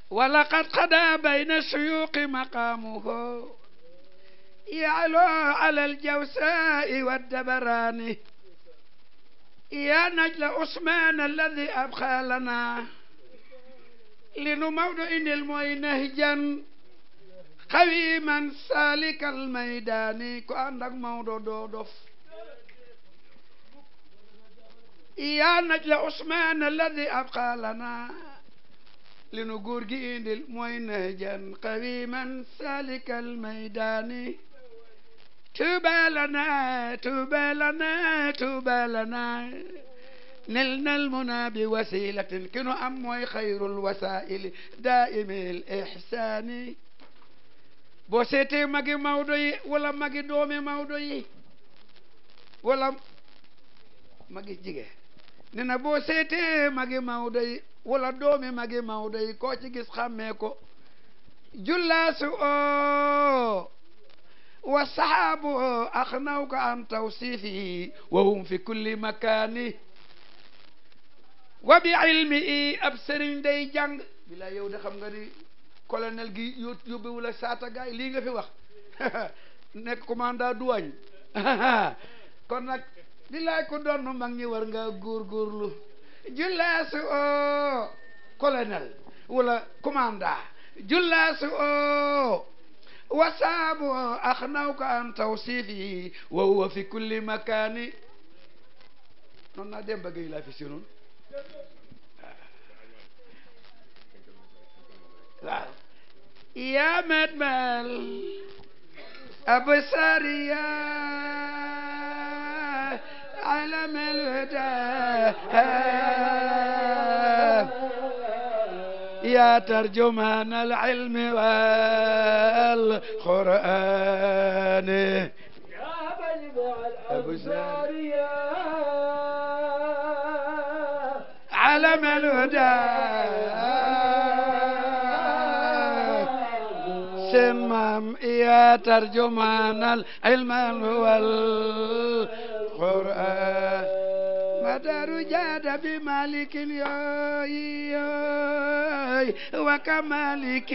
wala qad xada bayna suyuqi maqaamuhu yaaloo ala aljawsaai waddabaraani ya najla usmaan alladi abxaa lana li nu mawdo indil mooy nahjan xawiman saalika almaydaani ko ànd ak mawdo doo dof yaa najla Ousmane alladi abqa lana li nu góor gi indil mooy nahjan qawiman salika almaydani tuuba lana tuuba lana tuuba lana nilna almuna bi wasilatin ki nu am mooy xayru lwasaili daaimi l ihsani boo seetee magi Maodo yi wala magi doomi Maodo yi wala magi jigéen ne na boo seetee magi Maodo yi wala doomi magi Maodo yi koo ci gis xàmmee ko jullaasu o wa sahaabu o axnawka an tawsiifihi wa hum fi kulli makaani wa bi ilmihi ab sëriñ day jàng bilaa yow de xam nga ni gi yóbbuwul ak saata gaay lii nga fi wax nekk commandant douane kon nag di laay ko doon nu mag ñi war nga góorgóorlu jullaasu o colonel wala commandant jullaasu o wasaabu axnawka an tawsifi wa huwa fi kulli makani noonu naa dem bëgg si noonu yaa met mel absariya علم الهدى يا ترجمان العلم والقرآن يا بجمع الأبصارية علم الهدى سمم يا ترجمان العلم والقرآن القرآن مدار جاد بمالك يوي يوي وكمالك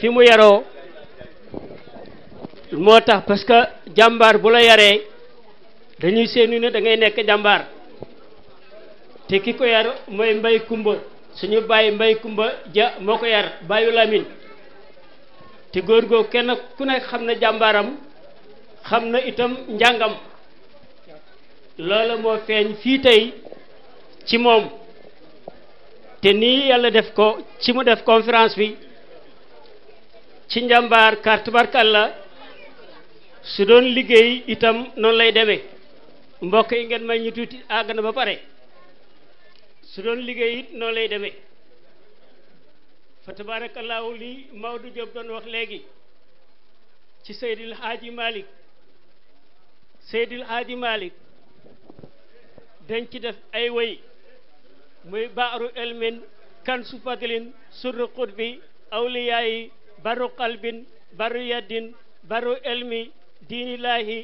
fi mu yaroo moo tax parce que jàmbaar bu la yaree dañuy seenu ne da ngay nekk jàmbaar te ki ko yar mooy mbay kumba suñu bàyyi mbay kumba ja moo ko yar bàyyu lamin te góor googu kenn ku nekk xam na jàmbaaram xam na itam njàngam loola moo feeñ fii tey ci moom te nii yàlla def ko ci mu def conférence bi ci njàmbaar kàrtu barkal la su doon liggéey itam noonu lay demee mbokk yi ngeen ma ñu tuuti àgg na ba pare su doon liggéey it noo lay demee fa tabaarakallaahu li Maodo Diop doon wax léegi ci Seydil Haaji malik Seydil Haaji malik dañ ci def ay woy muy baaru elmin kan su fadlin surru awliyaayi baru qalbin baru yaddin baru elmi diinilaahi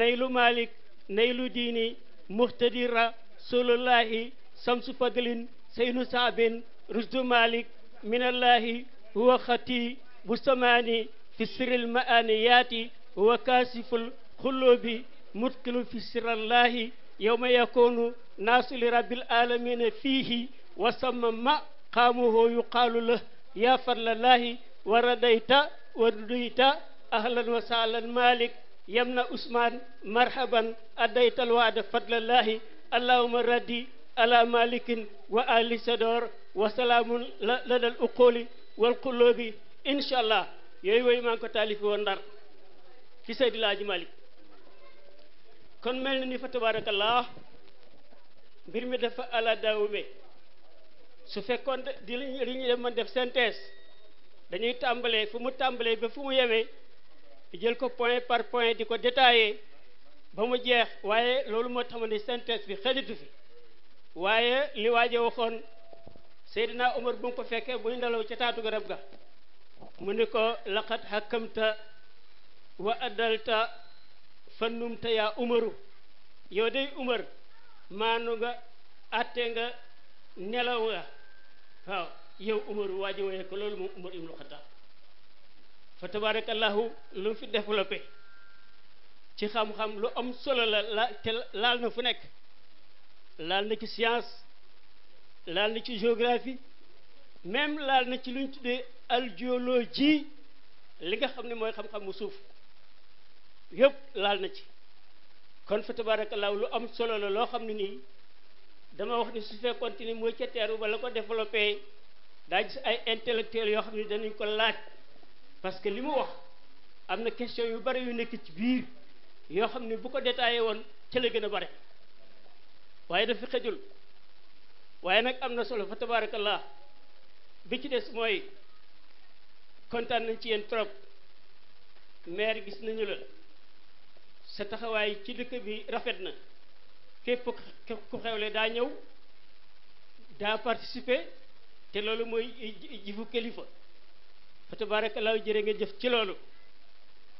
naylu Malick naylu diini muhtadira sulullahi samsu fadlin seynu saabin rusdu malik minallahi huwa xati busamaani fi siril maaniyaati huwa kaasiful xulubi mutkilu fi sirallahi yowma yakunu naasu li rabbil alamina fiihi wa sama ma qaamuhu yuqaalu lah yaa fadlallahi waradayta waduduyta ahlan wa sahlan malik يمنى عثمان مرحبا أديت الوعد فضل الله اللهم ردي على مالك وآل سدور وسلام لدى الأقول والقلوب إن شاء الله yooyu woyu maa ko taalif woon ndar ci Seydi Malik kon mel na ni fa tabarakallah mbir mi dafa ala daawume su fekkoon di li ñu def man def synthèse dañuy tàmbalee fu mu tàmbalee ba fu mu yemee jël ko point par point di ko détaillé ba mu jeex waaye loolu moo tax ma ne bi xëjatu fi waaye li waaje waxoon Seydina Omar bu mu ko fekkee muy ndalaw ca taatu garab ga mu ne ko laqad hakamta wa adalta fannumta yaa umaru yow day umar maanu nga atte nga nelaw nga waaw yow umaru waaji woyee ko loolu moom umar ibnu xataab fa tabarakallahu lu mu fi développé ci xam-xam lu am solo la la te laal na fu nekk laal na ci science laal na ci géographie même laal na ci lu ñu tuddee algéologie li nga xam ne mooy xam-xamu suuf yëpp laal na ci kon fa tabarakallahu lu am solo la loo xam ne nii dama wax ni su fekkoon ni mooy ca teeru ba la ko développé daa si ay intellectuels yoo xam ne danañ ko laaj parce que li mu wax am na question yu bari yu nekk ci biir yoo xam ne bu ko détaillé woon ca la gën a bare waaye dafa xëjul waaye nag am na solo fa tabaarakallah bi ci des mooy kontaan nañ ci yéen trop maire gis nañu la sa taxawaay ci dëkk bi rafet na képp ku xewle daa ñëw daa participer te loolu mooy jifu kilifa fa tabaarakallaahu jërë ngeen jëf ci loolu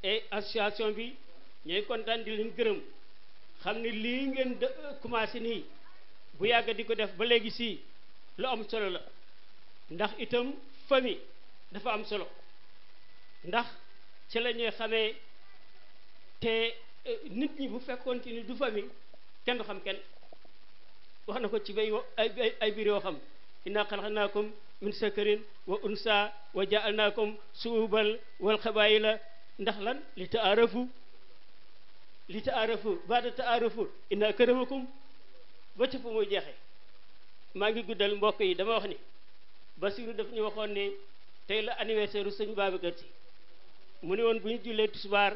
et association bi ñooy kontaan di leen gërëm xam ne lii ngeen commencé nii bu yàgg di ko def ba léegi sii lu am solo la ndax itam famille dafa am solo ndax ci la xamee te e, nit ñi bu fekkoon ci ni du famille kenn du xam kenn wax na ko ci bay ay ay biir yoo xam naa xalaqnaakum min sakarin wa unsa wa jaalnaakum suubal wal la ndax lan li taarafu li taarafu baada taarafu inna karamakum ba ca fu muy jeexe maa ngi guddal mbokk yi dama wax ni Basiru daf ñu waxoon ne tey la anniversaire sëñ Babacar Si mu ne woon bu ñu jullee tisbaar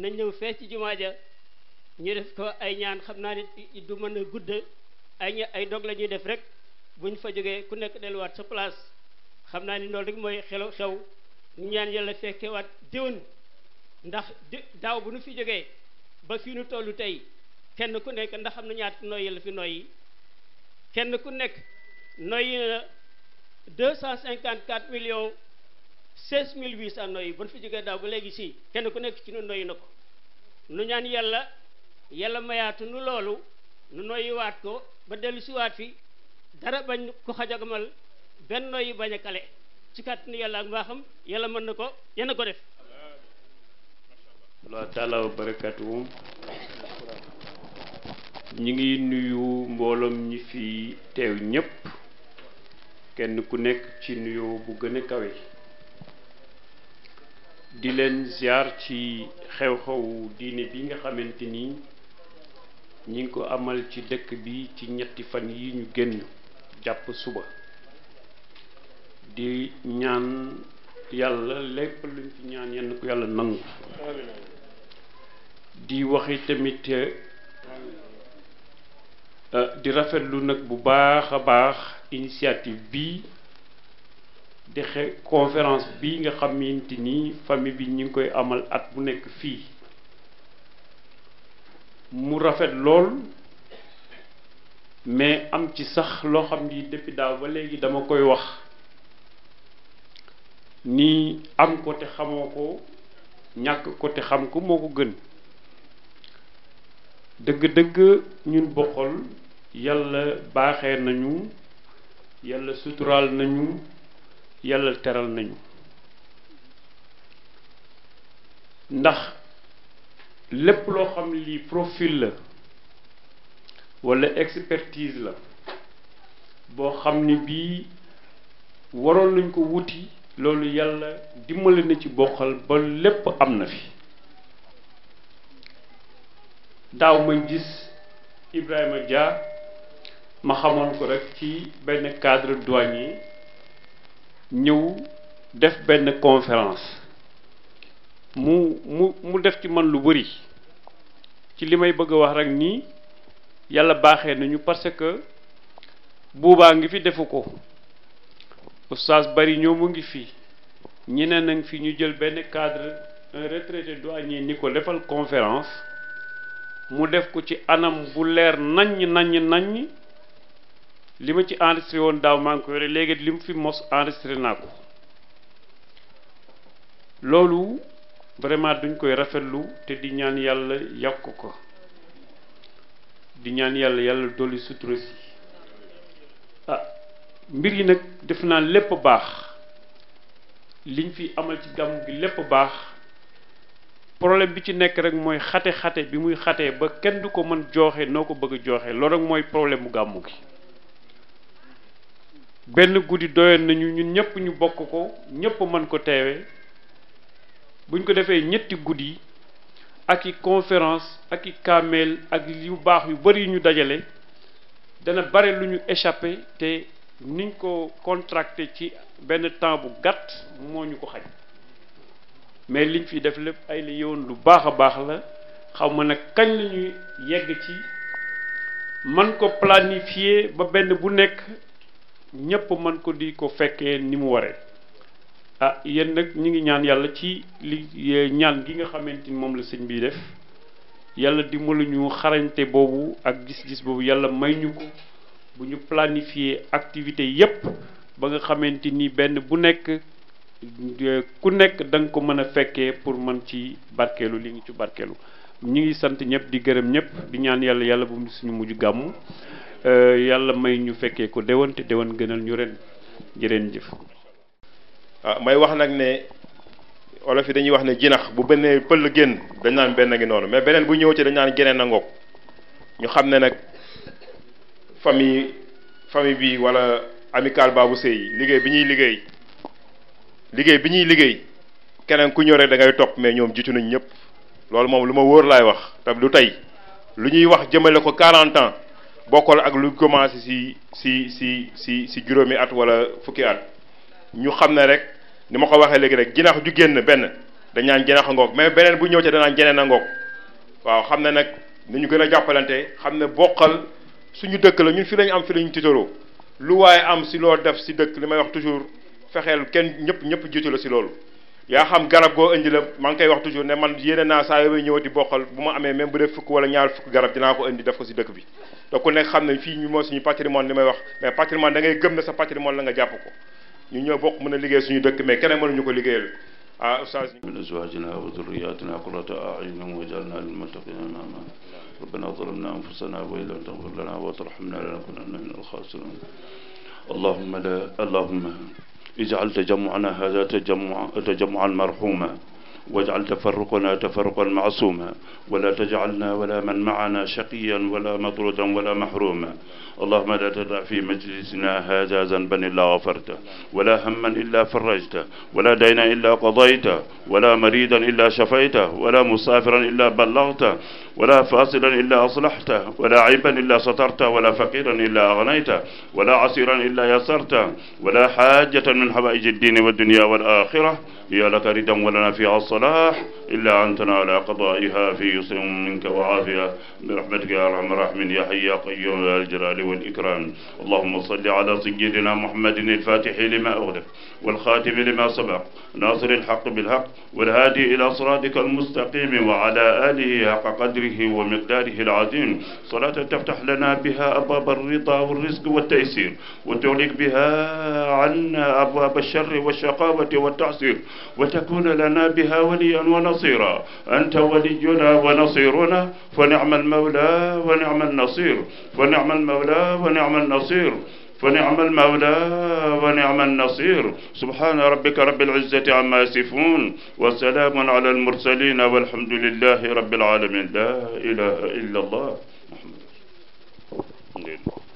nañ ñëw fee ci jumaa ja ñu def ko ay ñaan xam naa ne du mën a gudd ay ay dog la ñuy def rek ñu fa jógee ku nekk delluwaat sa place xam naa ni loolu rek mooy xew xew ñu ñaan yàlla fekkewaat déwén ndax daaw bu nu fi jógee ba fi nu tollu tey kenn ku nekk ndax xam na ñaat noyyi la fi noyyi kenn ku nekk noyyi na 254 millions 16 mille 800 noyyi bu nu fi jógee daaw ba léegi si kenn ku nekk ci nu noyyi na ko nu ñaan yàlla yàlla mayaatu nu loolu nu noyyiwaat ko ba dellu siwaat fi dara bañ ko xajamal benno yi bañ a kale ci kàttan yàlla ak mbaaxam yàlla mën na ko yéen ko def Allah taala wa ñi ngi nuyu mbooloom ñi fi teew ñépp kenn ku nekk ci nuyoo bu gën a kawe di leen ziar ci xew-xewu diine bi nga xamante ni ñi ngi ko amal ci dëkk bi ci ñetti fan yi ñu génn jàpp suba di ñaan yàlla lépp luñ ci ñaan yenn ko yàlla nangu di waxi tamit eh, di rafetlu nag bu baax a baax initiative bi di xe conférence bi nga xamante ni famille bi ñu ngi koy amal at bu nekk fii mu rafet lool mais am ci sax loo xam ni depuis daaw ba léegi dama koy wax ni am ko te xamoo ko ñàkk ko te xam ko moo ko gën dëgg-dëgg ñun bokkal yàlla baaxe nañu yàlla suturaal nañu yàlla teral nañu ndax lépp loo xam li profil la walla expertise la boo xam ni bii waroon nañ ko wuti loolu yàlla dimbali na ci bokkal ba lépp am na fi daaw ma gis Ibrahima Dia ma xamoon ko rek ci benn cadre douanier ñëw def benn conférence mu mu mu def ci man lu bëri ci li may bëgg a wax rek nii yàlla baaxe nañu parce que buubaa ngi fi defu ko oustaz bari ñoo mu ngi fi ñeneen nag fi ñu jël benn cadre un retraité douanier ni ko defal conférence mu def ko ci anam bu leer naññ naññ naññ li ma ci enregistré woon daaw maa ngi ko yore léegi li mu fi mos enregistré naa ko loolu vraiment duñ koy rafetlu te di ñaan yàlla yokk ko di ñaan yàlla yàlla dolli sutura si ah, mbir yi nag def naa lépp baax liñ fi amal ci gàmm gi lépp baax problème bi ci nekk rek mooy xate-xate bi muy xate ba kenn du ko mën jooxe noo ko bëgg a jooxe loolu rek mooy problème bu gàmmu gi benn guddi doyoon nañu ñun ñëpp ñu bokk ko ñëpp mën ko teewe buñ ko defee ñetti guddi ak i conférence ak i kaameel ak yu baax yu bari yu ñu dajale dana bare lu ñu échape te nuñ ko contracté ci benn temps bu gàtt moo ñu ko xaj mais liñ fi def lépp ay la yoon lu baax a baax la xaw ma nag kañ la ñuy yegg ci man ko planifier ba benn bu nekk ñépp mën ko di ko fekkee ni mu waree ah yéen nag ñu ngi ñaan yàlla ci li eh, ñaan gi nga xamante ni moom la sëñ bii def yàlla di dimbali ñu xarañte boobu ak gis-gis boobu yàlla may ñu ko bu ñu planifier activité yépp ba nga xamante ni benn bu nekk eh, ku nekk danga ko mën a fekkee pour mën ci barkeelu li ñu ci barkeelu ñu ngi sant ñëpp di gërëm ñëpp di ñaan yàlla yàlla bu mu suñu mujj gàmm eh, yàlla may ñu fekkee ko déwante déwan gënal ñu ren jëreen jëf waaw ah, may wax nag ne olof yi dañuy wax ne jinax bu benn pël génn dañu naan benn ngi noonu mais beneen bu ñëw ci dañ naan geneen a ngoog ñu xam ne nag famille famille bi wala amical baabu sëy liggéey bi ñuy liggéey liggéey bi ñuy liggéey keneen ku ñëw rek da ngay topp mais ñoom jiitu nañ ñëpp loolu moom lu ma wóor laay wax te du tey lu ñuy wax jëmmale ko 40 ans bokkul ak lu commencé si si si si si juróomi at wala fukki at. ñu xam ne rek ni ma ko waxee léegi rek jinax ju génn benn dañ naan jinax a ngoog mais beneen bu ñëw ci danaa jeneen a ngoog waaw xam ne nag ni ñu gën a jàppalante xam ne bokkal suñu dëkk la ñu fi lañu am fi lañu tiitaroo lu waaye am si loo def si dëkk li may wax toujours fexeel kenn ñëpp ñëpp jiitu la si loolu yaa xam garab goo indi la maa ngi koy wax toujours ne man yéene naa saa yoo ñëwati bokkal bu ma amee même fukk wala ñaar fukk garab dinaa ko indi def ko si dëkk bi donc ku nekk xam ne fii ñu moo suñu patrimoine li may wax mais patrimoine da ngay gëm ne sa patrimoine la nga jàpp ko ñu ñoo bokk mën a liggéey suñu dëkk mais keneen mënuñu ko liggéeyal ah oustaz min azwajina wa dhurriyyatina qurrata a'yunin waj'alna lil muttaqina imama rabbana zalamna anfusana wa in lam taghfir lana wa tarhamna lanakunanna min al khasirin allahumma la allahumma ij'al tajamma'ana hadha tajammu'an marhuma واجعل تفرقنا تفرقا معصوما ولا تجعلنا ولا من معنا شقيا ولا مطردا ولا محروما اللهم لا تدع في مجلسنا هذا ذنبا إلا غفرته ولا هما إلا فرجته ولا دينا إلا قضيته ولا مريدا إلا شفيته ولا مسافرا إلا بلغته ولا فاصلا إلا أصلحته ولا عيبا إلا سترته ولا فقيرا إلا أغنيته ولا عسيرا إلا يسرته ولا حاجة من حوائج الدين والدنيا والآخرة هي لك ردا ولنا في عصر الصلاح illaa antana ala qadaa'iha fi yusrin minka wa aafiya bi rahmatika ya arhama rahimin ya hayyu ya qayyum ya al-jalaali wal ikram allahumma salli ala sayyidina muhammadin al-faatihi lima ughliq wal khaatimi lima sabaq naasiri al-haqqi bil haqq wal haadi ila siraatika al-mustaqim wa ala aalihi haqqa qadrihi wa miqdaarihi al-aziim salaatan taftah lana biha abwaaba ar-ridaa war-rizq wat-taysiir wa tughliq biha 'annaa abwaaba ash-sharri wash-shaqaawati wat-ta'siir wa takuuna lana biha waliyyan wa بصيرا أنت ولينا ونصيرنا فنعم المولى ونعم النصير فنعم المولى ونعم النصير فنعم المولى ونعم النصير سبحان ربك رب العزة عما يصفون وسلام على المرسلين والحمد لله رب العالمين لا إله إلا الله محمد.